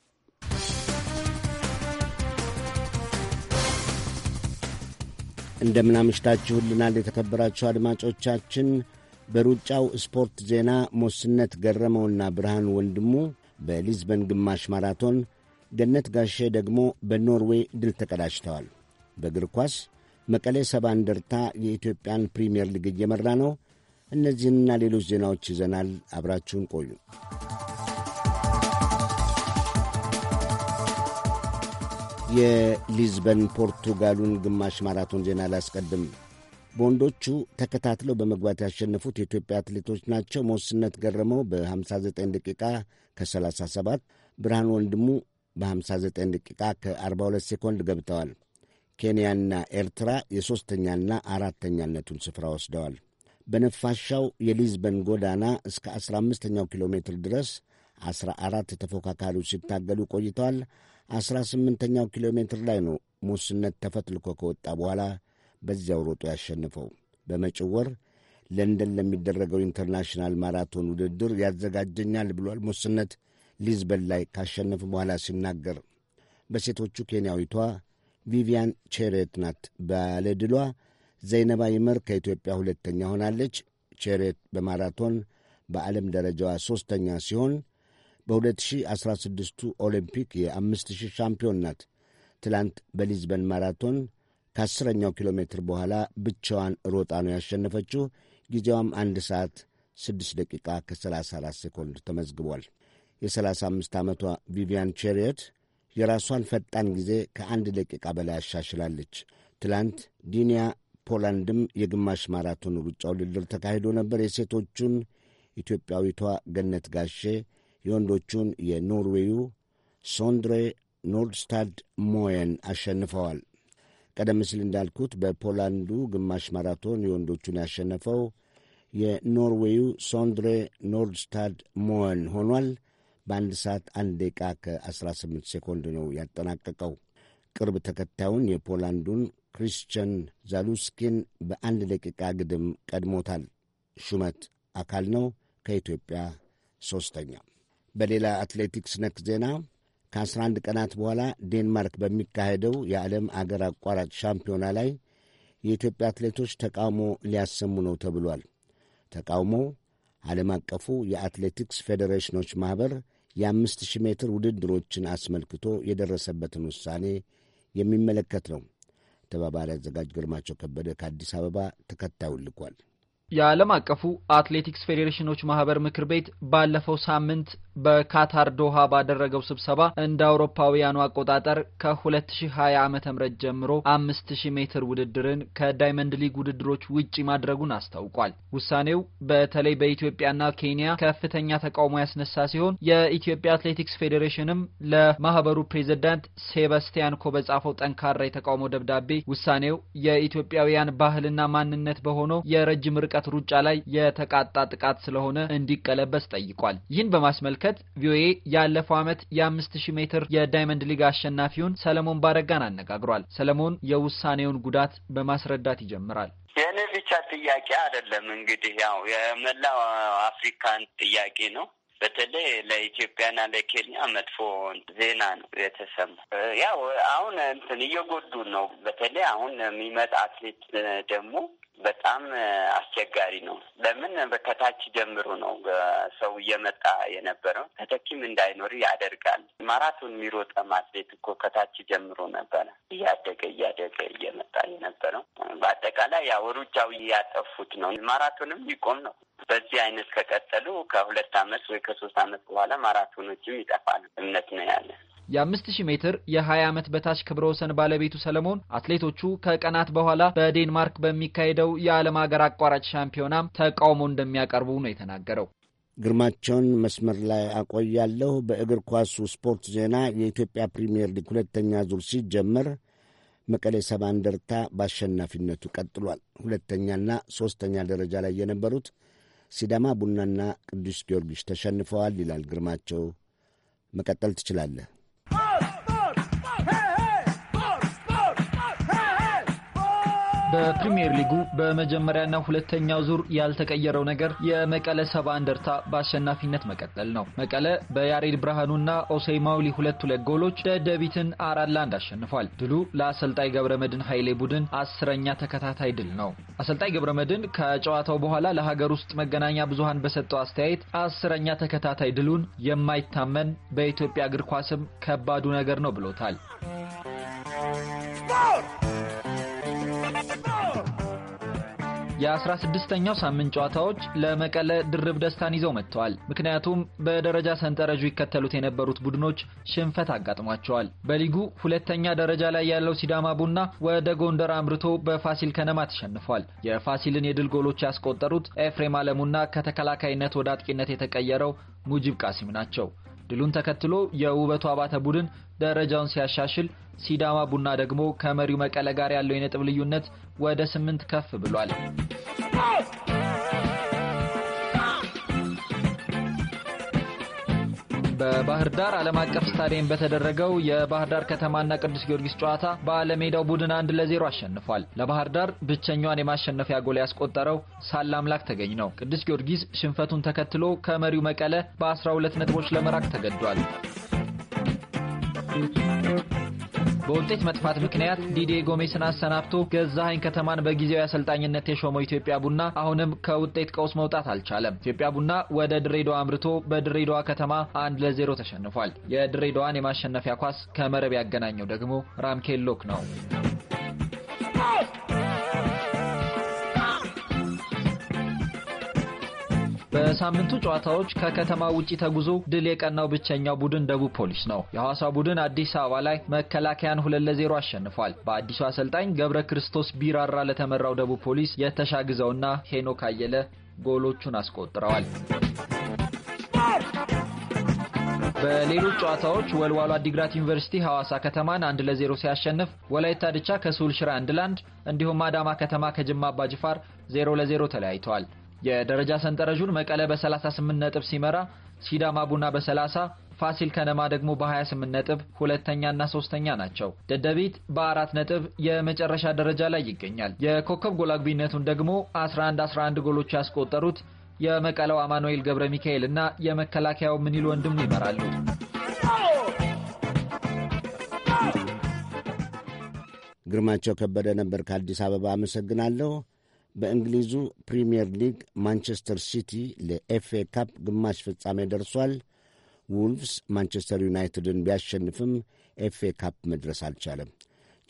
እንደምናምሽታችሁልናል የተከበራችሁ አድማጮቻችን። በሩጫው ስፖርት ዜና ሞስነት ገረመውና ብርሃን ወንድሙ በሊዝበን ግማሽ ማራቶን፣ ገነት ጋሼ ደግሞ በኖርዌይ ድል ተቀዳጅተዋል። በእግር ኳስ መቀሌ ሰባ እንደርታ የኢትዮጵያን ፕሪምየር ሊግ እየመራ ነው። እነዚህንና ሌሎች ዜናዎች ይዘናል። አብራችሁን ቆዩ። የሊዝበን ፖርቱጋሉን ግማሽ ማራቶን ዜና ላስቀድም። በወንዶቹ ተከታትለው በመግባት ያሸነፉት የኢትዮጵያ አትሌቶች ናቸው። መወስነት ገረመው በ59 ደቂቃ ከ37፣ ብርሃን ወንድሙ በ59 ደቂቃ ከ42 ሴኮንድ ገብተዋል። ኬንያና ኤርትራ የሦስተኛና አራተኛነቱን ስፍራ ወስደዋል። በነፋሻው የሊዝበን ጎዳና እስከ 15ኛው ኪሎ ሜትር ድረስ 14 ተፎካካሪዎች ሲታገሉ ቆይተዋል። አስራ ስምንተኛው ኪሎ ሜትር ላይ ነው ሙስነት ተፈትልኮ ከወጣ በኋላ በዚያው ሮጦ ያሸንፈው በመጪው ወር ለንደን ለሚደረገው ኢንተርናሽናል ማራቶን ውድድር ያዘጋጀኛል ብሏል። ሙስነት ሊዝበን ላይ ካሸነፍ በኋላ ሲናገር በሴቶቹ ኬንያዊቷ ቪቪያን ቼሬት ናት ባለድሏ ዘይነባ ይመር ከኢትዮጵያ ሁለተኛ ሆናለች። ቼሬት በማራቶን በዓለም ደረጃዋ ሦስተኛ ሲሆን በ2016ቱ ኦሊምፒክ የ5000 ሻምፒዮን ናት። ትላንት በሊዝበን ማራቶን ከአስረኛው ኪሎ ሜትር በኋላ ብቻዋን ሮጣ ነው ያሸነፈችው። ጊዜዋም አንድ ሰዓት 6 ደቂቃ ከ34 ሴኮንድ ተመዝግቧል። የ35 ዓመቷ ቪቪያን ቼሪየት የራሷን ፈጣን ጊዜ ከአንድ ደቂቃ በላይ አሻሽላለች። ትላንት ዲኒያ ፖላንድም የግማሽ ማራቶን ሩጫ ውድድር ተካሂዶ ነበር። የሴቶቹን ኢትዮጵያዊቷ ገነት ጋሼ የወንዶቹን የኖርዌዩ ሶንድሬ ኖርድስታድ ሞየን አሸንፈዋል። ቀደም ሲል እንዳልኩት በፖላንዱ ግማሽ ማራቶን የወንዶቹን ያሸነፈው የኖርዌዩ ሶንድሬ ኖርድስታድ ሞየን ሆኗል። በአንድ ሰዓት አንድ ደቂቃ ከ18 ሴኮንድ ነው ያጠናቀቀው። ቅርብ ተከታዩን የፖላንዱን ክሪስቲን ዛሉስኪን በአንድ ደቂቃ ግድም ቀድሞታል። ሹመት አካል ነው። ከኢትዮጵያ ሶስተኛ። በሌላ አትሌቲክስ ነክ ዜና ከ11 ቀናት በኋላ ዴንማርክ በሚካሄደው የዓለም አገር አቋራጭ ሻምፒዮና ላይ የኢትዮጵያ አትሌቶች ተቃውሞ ሊያሰሙ ነው ተብሏል። ተቃውሞው ዓለም አቀፉ የአትሌቲክስ ፌዴሬሽኖች ማኅበር የ ሺህ ሜትር ውድድሮችን አስመልክቶ የደረሰበትን ውሳኔ የሚመለከት ነው። ተባባሪ አዘጋጅ ግርማቸው ከበደ ከአዲስ አበባ ተከታዩን ልኳል። የዓለም አቀፉ አትሌቲክስ ፌዴሬሽኖች ማህበር ምክር ቤት ባለፈው ሳምንት በካታር ዶሃ ባደረገው ስብሰባ እንደ አውሮፓውያኑ አቆጣጠር ከ2020 ዓ.ም ጀምሮ 5000 ሜትር ውድድርን ከዳይመንድ ሊግ ውድድሮች ውጪ ማድረጉን አስታውቋል። ውሳኔው በተለይ በኢትዮጵያና ኬንያ ከፍተኛ ተቃውሞ ያስነሳ ሲሆን የኢትዮጵያ አትሌቲክስ ፌዴሬሽንም ለማህበሩ ፕሬዝዳንት ሴባስቲያን ኮ በጻፈው ጠንካራ የተቃውሞ ደብዳቤ ውሳኔው የኢትዮጵያውያን ባህልና ማንነት በሆነው የረጅም ርቀት ሩጫ ላይ የተቃጣ ጥቃት ስለሆነ እንዲቀለበስ ጠይቋል። ይህን በማስመልከት ለመመልከት ቪኦኤ ያለፈው ዓመት የ ሺህ ሜትር የዳይመንድ ሊግ አሸናፊውን ሰለሞን ባረጋን አነጋግሯል። ሰለሞን የውሳኔውን ጉዳት በማስረዳት ይጀምራል። የእኔ ብቻ ጥያቄ አይደለም እንግዲህ ያው የመላው አፍሪካን ጥያቄ ነው። በተለይ ለኢትዮጵያና ለኬንያ መጥፎ ዜና ነው የተሰማ። ያው አሁን እንትን እየጎዱን ነው። በተለይ አሁን የሚመጣ አትሌት ደግሞ በጣም አስቸጋሪ ነው። ለምን ከታች ጀምሮ ነው ሰው እየመጣ የነበረው ተተኪም እንዳይኖር ያደርጋል። ማራቶን የሚሮጠ ማትሌት እኮ ከታች ጀምሮ ነበረ እያደገ እያደገ እየመጣ የነበረው። በአጠቃላይ ያው ሩጫው እያጠፉት ነው። ማራቶንም ሊቆም ነው። በዚህ አይነት ከቀጠሉ ከሁለት አመት ወይ ከሶስት አመት በኋላ ማራቶኖችም ይጠፋል እምነት ነው ያለ የ5000 ሜትር የ20 ዓመት በታች ክብረ ወሰን ባለቤቱ ሰለሞን አትሌቶቹ ከቀናት በኋላ በዴንማርክ በሚካሄደው የዓለም ሀገር አቋራጭ ሻምፒዮናም ተቃውሞ እንደሚያቀርቡ ነው የተናገረው። ግርማቸውን መስመር ላይ አቆያለሁ። በእግር ኳሱ ስፖርት ዜና የኢትዮጵያ ፕሪምየር ሊግ ሁለተኛ ዙር ሲጀመር መቀሌ ሰባ እንደርታ በአሸናፊነቱ ቀጥሏል። ሁለተኛና ሦስተኛ ደረጃ ላይ የነበሩት ሲዳማ ቡናና ቅዱስ ጊዮርጊስ ተሸንፈዋል ይላል ግርማቸው። መቀጠል ትችላለህ። በፕሪምየር ሊጉ በመጀመሪያና ሁለተኛው ዙር ያልተቀየረው ነገር የመቀለ ሰባ እንደርታ በአሸናፊነት መቀጠል ነው። መቀለ በያሬድ ብርሃኑና ኦሴማውሊ ሁለት ሁለት ጎሎች ደደቢትን አራት ለአንድ አሸንፏል። ድሉ ለአሰልጣኝ ገብረመድን ኃይሌ ቡድን አስረኛ ተከታታይ ድል ነው። አሰልጣኝ ገብረመድን ከጨዋታው በኋላ ለሀገር ውስጥ መገናኛ ብዙሃን በሰጠው አስተያየት አስረኛ ተከታታይ ድሉን የማይታመን በኢትዮጵያ እግር ኳስም ከባዱ ነገር ነው ብሎታል። የ16ኛው ሳምንት ጨዋታዎች ለመቀለ ድርብ ደስታን ይዘው መጥተዋል። ምክንያቱም በደረጃ ሰንጠረዡ ይከተሉት የነበሩት ቡድኖች ሽንፈት አጋጥሟቸዋል። በሊጉ ሁለተኛ ደረጃ ላይ ያለው ሲዳማ ቡና ወደ ጎንደር አምርቶ በፋሲል ከነማ ተሸንፏል። የፋሲልን የድል ጎሎች ያስቆጠሩት ኤፍሬም አለሙና ከተከላካይነት ወደ አጥቂነት የተቀየረው ሙጂብ ቃሲም ናቸው። ድሉን ተከትሎ የውበቱ አባተ ቡድን ደረጃውን ሲያሻሽል ሲዳማ ቡና ደግሞ ከመሪው መቀለ ጋር ያለው የነጥብ ልዩነት ወደ ስምንት ከፍ ብሏል። በባህር ዳር ዓለም አቀፍ ስታዲየም በተደረገው የባህር ዳር ከተማና ቅዱስ ጊዮርጊስ ጨዋታ በአለሜዳው ቡድን አንድ ለዜሮ አሸንፏል። ለባህር ዳር ብቸኛዋን የማሸነፊያ ጎል ያስቆጠረው ሳላ አምላክ ተገኝ ነው። ቅዱስ ጊዮርጊስ ሽንፈቱን ተከትሎ ከመሪው መቀለ በ12 ነጥቦች ለመራቅ ተገዷል። በውጤት መጥፋት ምክንያት ዲዴ ጎሜስን አሰናብቶ ገዛኸኝ ከተማን በጊዜያዊ አሰልጣኝነት የሾመው ኢትዮጵያ ቡና አሁንም ከውጤት ቀውስ መውጣት አልቻለም። ኢትዮጵያ ቡና ወደ ድሬዳዋ አምርቶ በድሬዳዋ ከተማ አንድ ለዜሮ ተሸንፏል። የድሬዳዋን የማሸነፊያ ኳስ ከመረብ ያገናኘው ደግሞ ሎክ ነው። በሳምንቱ ጨዋታዎች ከከተማ ውጪ ተጉዞ ድል የቀናው ብቸኛው ቡድን ደቡብ ፖሊስ ነው። የሐዋሳ ቡድን አዲስ አበባ ላይ መከላከያን ሁለት ለዜሮ አሸንፏል። በአዲሱ አሰልጣኝ ገብረ ክርስቶስ ቢራራ ለተመራው ደቡብ ፖሊስ የተሻግዘውና ሄኖክ አየለ ጎሎቹን አስቆጥረዋል። በሌሎች ጨዋታዎች ወልዋሎ አዲግራት ዩኒቨርሲቲ ሐዋሳ ከተማን አንድ ለዜሮ ሲያሸንፍ ወላይታ ድቻ ከሱል ሽራ አንድ ላንድ እንዲሁም አዳማ ከተማ ከጅማ አባጅፋር ዜሮ ለዜሮ ተለያይተዋል። የደረጃ ሰንጠረዡን መቀለ በ38 ነጥብ ሲመራ ሲዳማ ቡና በ30 ፋሲል ከነማ ደግሞ በ28 ነጥብ ሁለተኛና ሶስተኛ ናቸው። ደደቢት በአራት ነጥብ የመጨረሻ ደረጃ ላይ ይገኛል። የኮከብ ጎል አግቢነቱን ደግሞ 11 11 ጎሎች ያስቆጠሩት የመቀለው አማኑኤል ገብረ ሚካኤል እና የመከላከያው ምንይል ወንድሙ ይመራሉ። ግርማቸው ከበደ ነበር ከአዲስ አበባ። አመሰግናለሁ። በእንግሊዙ ፕሪምየር ሊግ ማንቸስተር ሲቲ ለኤፍኤ ካፕ ግማሽ ፍጻሜ ደርሷል። ውልቭስ ማንቸስተር ዩናይትድን ቢያሸንፍም ኤፍኤ ካፕ መድረስ አልቻለም።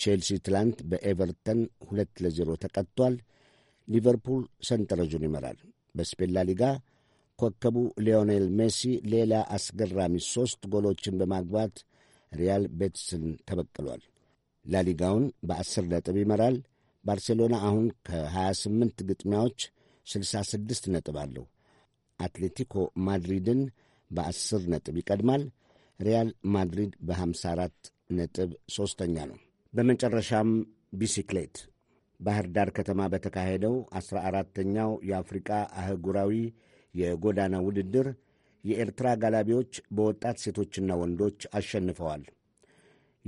ቼልሲ ትላንት በኤቨርተን ሁለት ለዜሮ ተቀጥቷል። ሊቨርፑል ሰንጠረዡን ይመራል። በስፔን ላሊጋ ሊጋ ኮከቡ ሊዮኔል ሜሲ ሌላ አስገራሚ ሦስት ጎሎችን በማግባት ሪያል ቤትስን ተበቅሏል። ላሊጋውን በአስር ነጥብ ይመራል። ባርሴሎና አሁን ከ28 ግጥሚያዎች 66 ነጥብ አለው። አትሌቲኮ ማድሪድን በ10 ነጥብ ይቀድማል። ሪያል ማድሪድ በ54 ነጥብ ሦስተኛ ነው። በመጨረሻም ቢሲክሌት ባህር ዳር ከተማ በተካሄደው 14ተኛው የአፍሪቃ አህጉራዊ የጎዳና ውድድር የኤርትራ ጋላቢዎች በወጣት ሴቶችና ወንዶች አሸንፈዋል።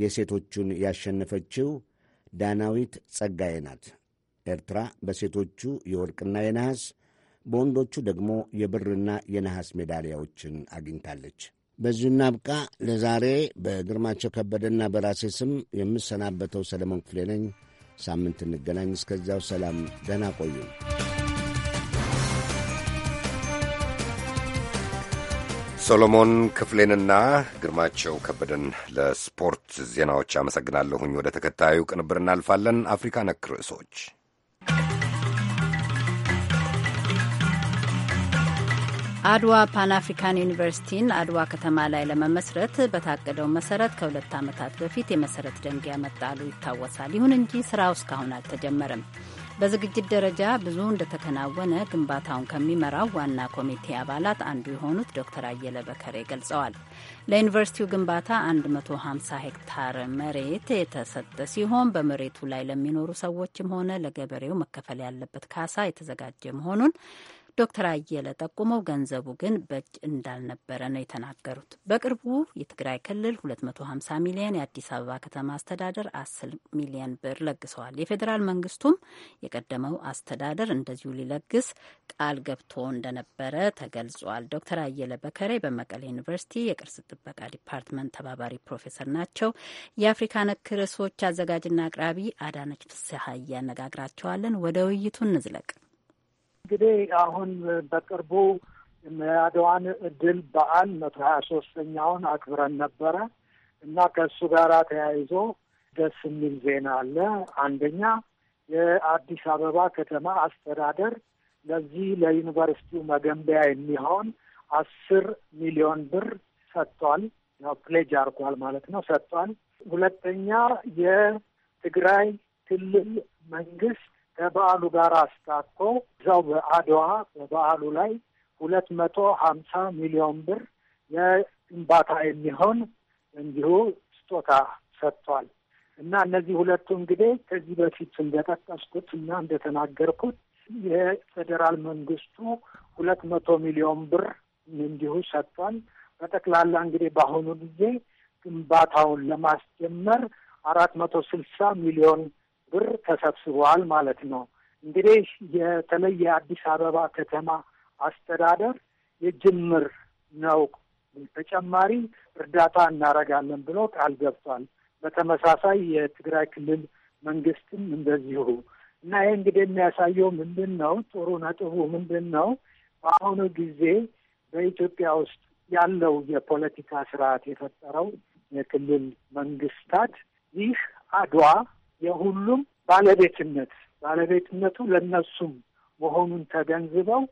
የሴቶቹን ያሸነፈችው ዳናዊት ጸጋዬ ናት። ኤርትራ በሴቶቹ የወርቅና የነሐስ በወንዶቹ ደግሞ የብርና የነሐስ ሜዳሊያዎችን አግኝታለች። በዚሁ እናብቃ። ለዛሬ በግርማቸው ከበደና በራሴ ስም የምሰናበተው ሰለሞን ክፍሌ ነኝ። ሳምንት እንገናኝ። እስከዚያው ሰላም፣ ደህና ቆዩ። ሶሎሞን ክፍሌንና ግርማቸው ከበደን ለስፖርት ዜናዎች አመሰግናለሁኝ። ወደ ተከታዩ ቅንብር እናልፋለን። አፍሪካ ነክ ርዕሶች አድዋ ፓን አፍሪካን ዩኒቨርሲቲን አድዋ ከተማ ላይ ለመመስረት በታቀደው መሰረት ከሁለት ዓመታት በፊት የመሰረት ደንግ ያመጣሉ ይታወሳል። ይሁን እንጂ ስራው እስካሁን አልተጀመረም። በዝግጅት ደረጃ ብዙ እንደተከናወነ ግንባታውን ከሚመራው ዋና ኮሚቴ አባላት አንዱ የሆኑት ዶክተር አየለ በከሬ ገልጸዋል። ለዩኒቨርሲቲው ግንባታ 150 ሄክታር መሬት የተሰጠ ሲሆን በመሬቱ ላይ ለሚኖሩ ሰዎችም ሆነ ለገበሬው መከፈል ያለበት ካሳ የተዘጋጀ መሆኑን ዶክተር አየለ ጠቁመው ገንዘቡ ግን በእጅ እንዳልነበረ ነው የተናገሩት። በቅርቡ የትግራይ ክልል 250 ሚሊየን፣ የአዲስ አበባ ከተማ አስተዳደር 10 ሚሊየን ብር ለግሰዋል። የፌዴራል መንግስቱም የቀደመው አስተዳደር እንደዚሁ ሊለግስ ቃል ገብቶ እንደነበረ ተገልጿል። ዶክተር አየለ በከሬ በመቀሌ ዩኒቨርሲቲ የቅርስ ጥበቃ ዲፓርትመንት ተባባሪ ፕሮፌሰር ናቸው። የአፍሪካ ነክ ርዕሶች አዘጋጅና አቅራቢ አዳነች ፍስሀ እያነጋግራቸዋለን። ወደ ውይይቱ እንዝለቅ። እንግዲህ አሁን በቅርቡ የአድዋን እድል በዓል መቶ ሀያ ሶስተኛውን አክብረን ነበረ እና ከእሱ ጋር ተያይዞ ደስ የሚል ዜና አለ። አንደኛ የአዲስ አበባ ከተማ አስተዳደር ለዚህ ለዩኒቨርሲቲው መገንቢያ የሚሆን አስር ሚሊዮን ብር ሰጥቷል። ያው ፕሌጅ አድርጓል ማለት ነው፣ ሰጥቷል። ሁለተኛ የትግራይ ክልል መንግስት ከበዓሉ ጋር አስታኮ እዛው በአድዋ በበዓሉ ላይ ሁለት መቶ ሀምሳ ሚሊዮን ብር የግንባታ የሚሆን እንዲሁ ስጦታ ሰጥቷል። እና እነዚህ ሁለቱ እንግዲህ ከዚህ በፊት እንደጠቀስኩት እና እንደተናገርኩት የፌዴራል መንግስቱ ሁለት መቶ ሚሊዮን ብር እንዲሁ ሰጥቷል። በጠቅላላ እንግዲህ በአሁኑ ጊዜ ግንባታውን ለማስጀመር አራት መቶ ስልሳ ሚሊዮን ብር ተሰብስበዋል ማለት ነው። እንግዲህ የተለየ አዲስ አበባ ከተማ አስተዳደር የጅምር ነው፣ ተጨማሪ እርዳታ እናደርጋለን ብሎ ቃል ገብቷል። በተመሳሳይ የትግራይ ክልል መንግስትም እንደዚሁ እና ይህ እንግዲህ የሚያሳየው ምንድን ነው? ጥሩ ነጥቡ ምንድን ነው? በአሁኑ ጊዜ በኢትዮጵያ ውስጥ ያለው የፖለቲካ ስርዓት የፈጠረው የክልል መንግስታት ይህ አድዋ የሁሉም ባለቤትነት ባለቤትነቱ ለነሱም መሆኑን ተገንዝበው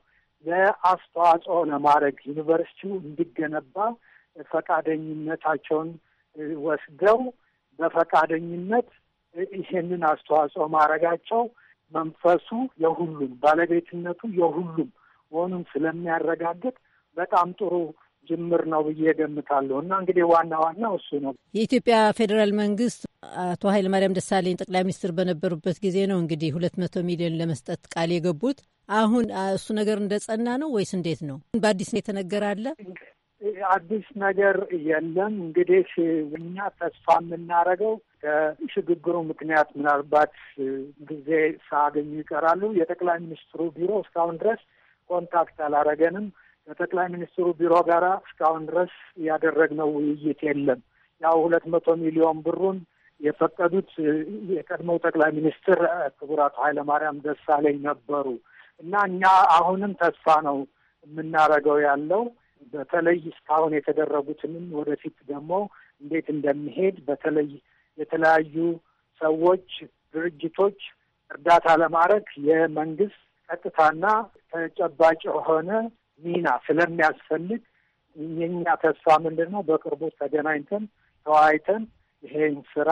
ለአስተዋጽኦ ለማድረግ ዩኒቨርሲቲው እንዲገነባ ፈቃደኝነታቸውን ወስደው በፈቃደኝነት ይሄንን አስተዋጽኦ ማድረጋቸው መንፈሱ የሁሉም ባለቤትነቱ የሁሉም መሆኑን ስለሚያረጋግጥ በጣም ጥሩ ጅምር ነው ብዬ ገምታለሁ። እና እንግዲህ ዋና ዋና እሱ ነው። የኢትዮጵያ ፌዴራል መንግስት አቶ ኃይለማርያም ደሳለኝ ጠቅላይ ሚኒስትር በነበሩበት ጊዜ ነው እንግዲህ ሁለት መቶ ሚሊዮን ለመስጠት ቃል የገቡት። አሁን እሱ ነገር እንደጸና ነው ወይስ እንዴት ነው? በአዲስ የተነገረ አለ? አዲስ ነገር የለም። እንግዲህ እኛ ተስፋ የምናደርገው ከሽግግሩ ምክንያት ምናልባት ጊዜ ሳያገኙ ይቀራሉ። የጠቅላይ ሚኒስትሩ ቢሮ እስካሁን ድረስ ኮንታክት አላረገንም። ከጠቅላይ ሚኒስትሩ ቢሮ ጋር እስካሁን ድረስ ያደረግነው ውይይት የለም። ያው ሁለት መቶ ሚሊዮን ብሩን የፈቀዱት የቀድሞው ጠቅላይ ሚኒስትር ክቡር አቶ ኃይለማርያም ደሳለኝ ነበሩ እና እኛ አሁንም ተስፋ ነው የምናደርገው ያለው በተለይ እስካሁን የተደረጉትንም ወደፊት ደግሞ እንዴት እንደሚሄድ በተለይ የተለያዩ ሰዎች፣ ድርጅቶች እርዳታ ለማድረግ የመንግስት ቀጥታና ተጨባጭ የሆነ ሚና ስለሚያስፈልግ የኛ ተስፋ ምንድን ነው? በቅርቡ ተገናኝተን ተወያይተን ይሄን ስራ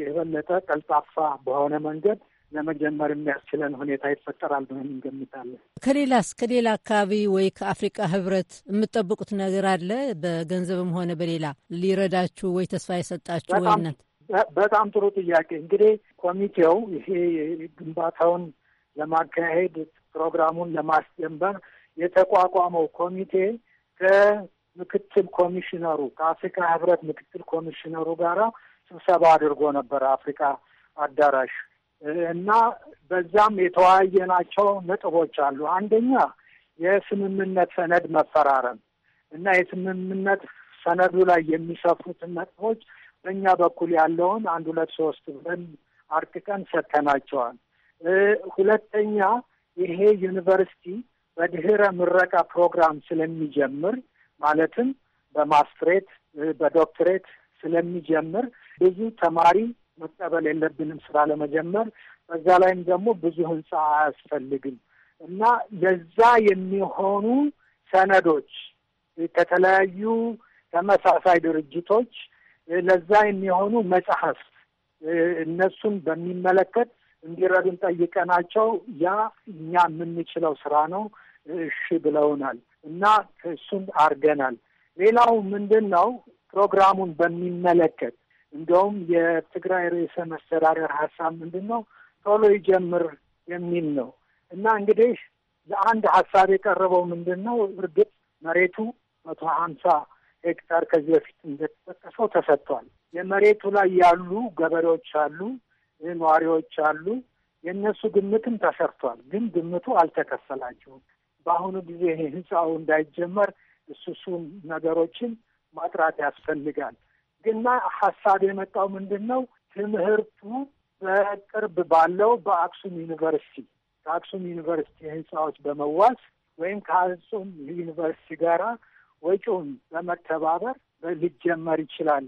የበለጠ ቀልጣፋ በሆነ መንገድ ለመጀመር የሚያስችለን ሁኔታ ይፈጠራል ብለን እንገምታለን። ከሌላስ ከሌላ አካባቢ ወይ ከአፍሪቃ ህብረት የምጠብቁት ነገር አለ? በገንዘብም ሆነ በሌላ ሊረዳችሁ ወይ ተስፋ የሰጣችሁ ወይነት? በጣም ጥሩ ጥያቄ። እንግዲህ ኮሚቴው ይሄ ግንባታውን ለማካሄድ ፕሮግራሙን ለማስጀመር የተቋቋመው ኮሚቴ ከምክትል ኮሚሽነሩ ከአፍሪካ ህብረት ምክትል ኮሚሽነሩ ጋር ስብሰባ አድርጎ ነበር አፍሪካ አዳራሽ እና በዛም የተወያየናቸው ነጥቦች አሉ። አንደኛ የስምምነት ሰነድ መፈራረም እና የስምምነት ሰነዱ ላይ የሚሰፉትን ነጥቦች በእኛ በኩል ያለውን አንድ ሁለት ሶስት ብለን አርቅቀን ሰጥተናቸዋል። ሁለተኛ ይሄ ዩኒቨርሲቲ በድህረ ምረቃ ፕሮግራም ስለሚጀምር ማለትም በማስትሬት በዶክትሬት ስለሚጀምር ብዙ ተማሪ መቀበል የለብንም ስራ ለመጀመር። በዛ ላይም ደግሞ ብዙ ህንፃ አያስፈልግም እና ለዛ የሚሆኑ ሰነዶች ከተለያዩ ተመሳሳይ ድርጅቶች ለዛ የሚሆኑ መጽሐፍ እነሱን በሚመለከት እንዲረዱን ጠይቀናቸው ያ እኛ የምንችለው ስራ ነው እሺ ብለውናል እና እሱን አድርገናል። ሌላው ምንድን ነው ፕሮግራሙን በሚመለከት እንደውም የትግራይ ርዕሰ መስተዳደር ሀሳብ ምንድን ነው ቶሎ ይጀምር የሚል ነው እና እንግዲህ ለአንድ ሀሳብ የቀረበው ምንድን ነው እርግጥ መሬቱ መቶ ሀምሳ ሄክታር ከዚህ በፊት እንደተጠቀሰው ተሰጥቷል። የመሬቱ ላይ ያሉ ገበሬዎች አሉ፣ ነዋሪዎች አሉ። የእነሱ ግምትም ተሰርቷል፣ ግን ግምቱ አልተከፈላቸውም። በአሁኑ ጊዜ ይሄ ህንፃው እንዳይጀመር እሱ እሱም ነገሮችን ማጥራት ያስፈልጋል። ግና ሀሳብ የመጣው ምንድን ነው ትምህርቱ በቅርብ ባለው በአክሱም ዩኒቨርሲቲ ከአክሱም ዩኒቨርሲቲ ህንፃዎች በመዋስ ወይም ከአክሱም ዩኒቨርሲቲ ጋራ ወጪውን በመተባበር ሊጀመር ይችላል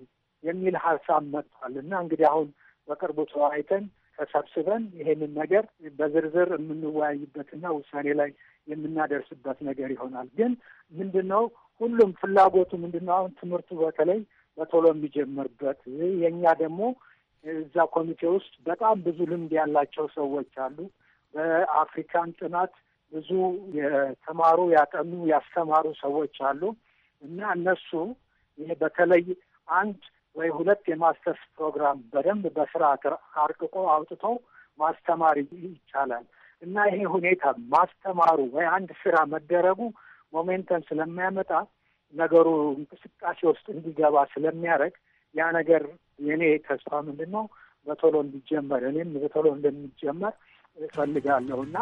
የሚል ሀሳብ መጥቷል እና እንግዲህ አሁን በቅርቡ ተወያይተን ተሰብስበን ይሄንን ነገር በዝርዝር የምንወያይበትና ውሳኔ ላይ የምናደርስበት ነገር ይሆናል። ግን ምንድን ነው ሁሉም ፍላጎቱ ምንድን ነው? አሁን ትምህርቱ በተለይ በቶሎ የሚጀምርበት የእኛ ደግሞ እዛ ኮሚቴ ውስጥ በጣም ብዙ ልምድ ያላቸው ሰዎች አሉ። በአፍሪካን ጥናት ብዙ የተማሩ ያጠኑ፣ ያስተማሩ ሰዎች አሉ እና እነሱ ይሄ በተለይ አንድ ወይ ሁለት የማስተርስ ፕሮግራም በደንብ በስርዓት አርቅቆ አውጥቶ ማስተማር ይቻላል እና ይሄ ሁኔታ ማስተማሩ ወይ አንድ ስራ መደረጉ ሞሜንተም ስለሚያመጣ ነገሩ እንቅስቃሴ ውስጥ እንዲገባ ስለሚያደርግ ያ ነገር የእኔ ተስፋ ምንድን ነው በቶሎ እንዲጀመር እኔም በቶሎ እንደሚጀመር እፈልጋለሁ እና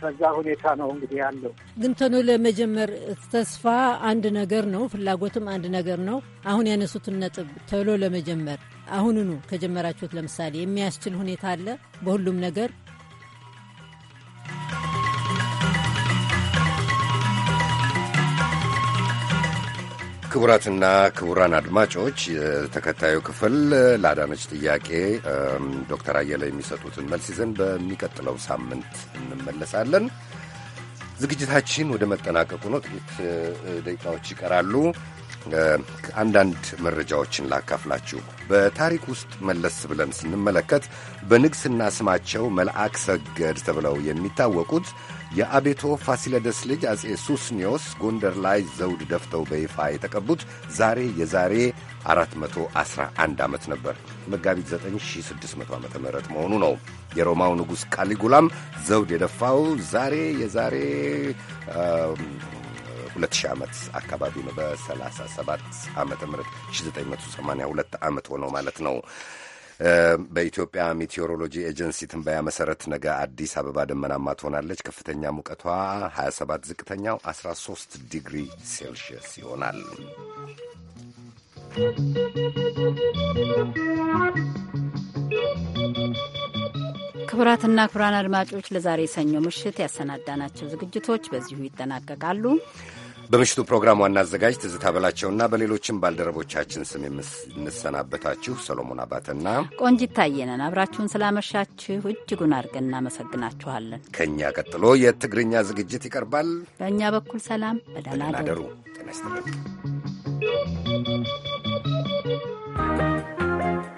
በዛ ሁኔታ ነው እንግዲህ ያለው። ግን ተኖ ለመጀመር ተስፋ አንድ ነገር ነው፣ ፍላጎትም አንድ ነገር ነው። አሁን ያነሱትን ነጥብ ቶሎ ለመጀመር አሁንኑ ከጀመራችሁት ለምሳሌ የሚያስችል ሁኔታ አለ በሁሉም ነገር ክቡራትና ክቡራን አድማጮች የተከታዩ ክፍል ለአዳነች ጥያቄ ዶክተር አየለ የሚሰጡትን መልስ ይዘን በሚቀጥለው ሳምንት እንመለሳለን። ዝግጅታችን ወደ መጠናቀቁ ነው። ጥቂት ደቂቃዎች ይቀራሉ። አንዳንድ መረጃዎችን ላካፍላችሁ። በታሪክ ውስጥ መለስ ብለን ስንመለከት በንግሥና ስማቸው መልአክ ሰገድ ተብለው የሚታወቁት የአቤቶ ፋሲለደስ ልጅ አጼ ሱስኒዮስ ጎንደር ላይ ዘውድ ደፍተው በይፋ የተቀቡት ዛሬ የዛሬ 411 ዓመት ነበር። መጋቢት 9600 ዓ ም መሆኑ ነው። የሮማው ንጉሥ ካሊጉላም ዘውድ የደፋው ዛሬ የዛሬ 2000 ዓመት አካባቢ ነው። በ37 ዓ ም 982 ዓመት ሆነው ማለት ነው። በኢትዮጵያ ሜቴዎሮሎጂ ኤጀንሲ ትንበያ መሰረት ነገ አዲስ አበባ ደመናማ ትሆናለች። ከፍተኛ ሙቀቷ 27፣ ዝቅተኛው 13 ዲግሪ ሴልሽየስ ይሆናል። ክቡራትና ክቡራን አድማጮች ለዛሬ የሰኞ ምሽት ያሰናዳናቸው ዝግጅቶች በዚሁ ይጠናቀቃሉ። በምሽቱ ፕሮግራም ዋና አዘጋጅ ትዝታ በላቸውና በሌሎችም ባልደረቦቻችን ስም የምንሰናበታችሁ ሰሎሞን አባተና ቆንጂት ታየነን አብራችሁን ስላመሻችሁ እጅጉን አድርገን እናመሰግናችኋለን። ከእኛ ቀጥሎ የትግርኛ ዝግጅት ይቀርባል። በእኛ በኩል ሰላም፣ በደህና እደሩ። ጤና ይስጥልን።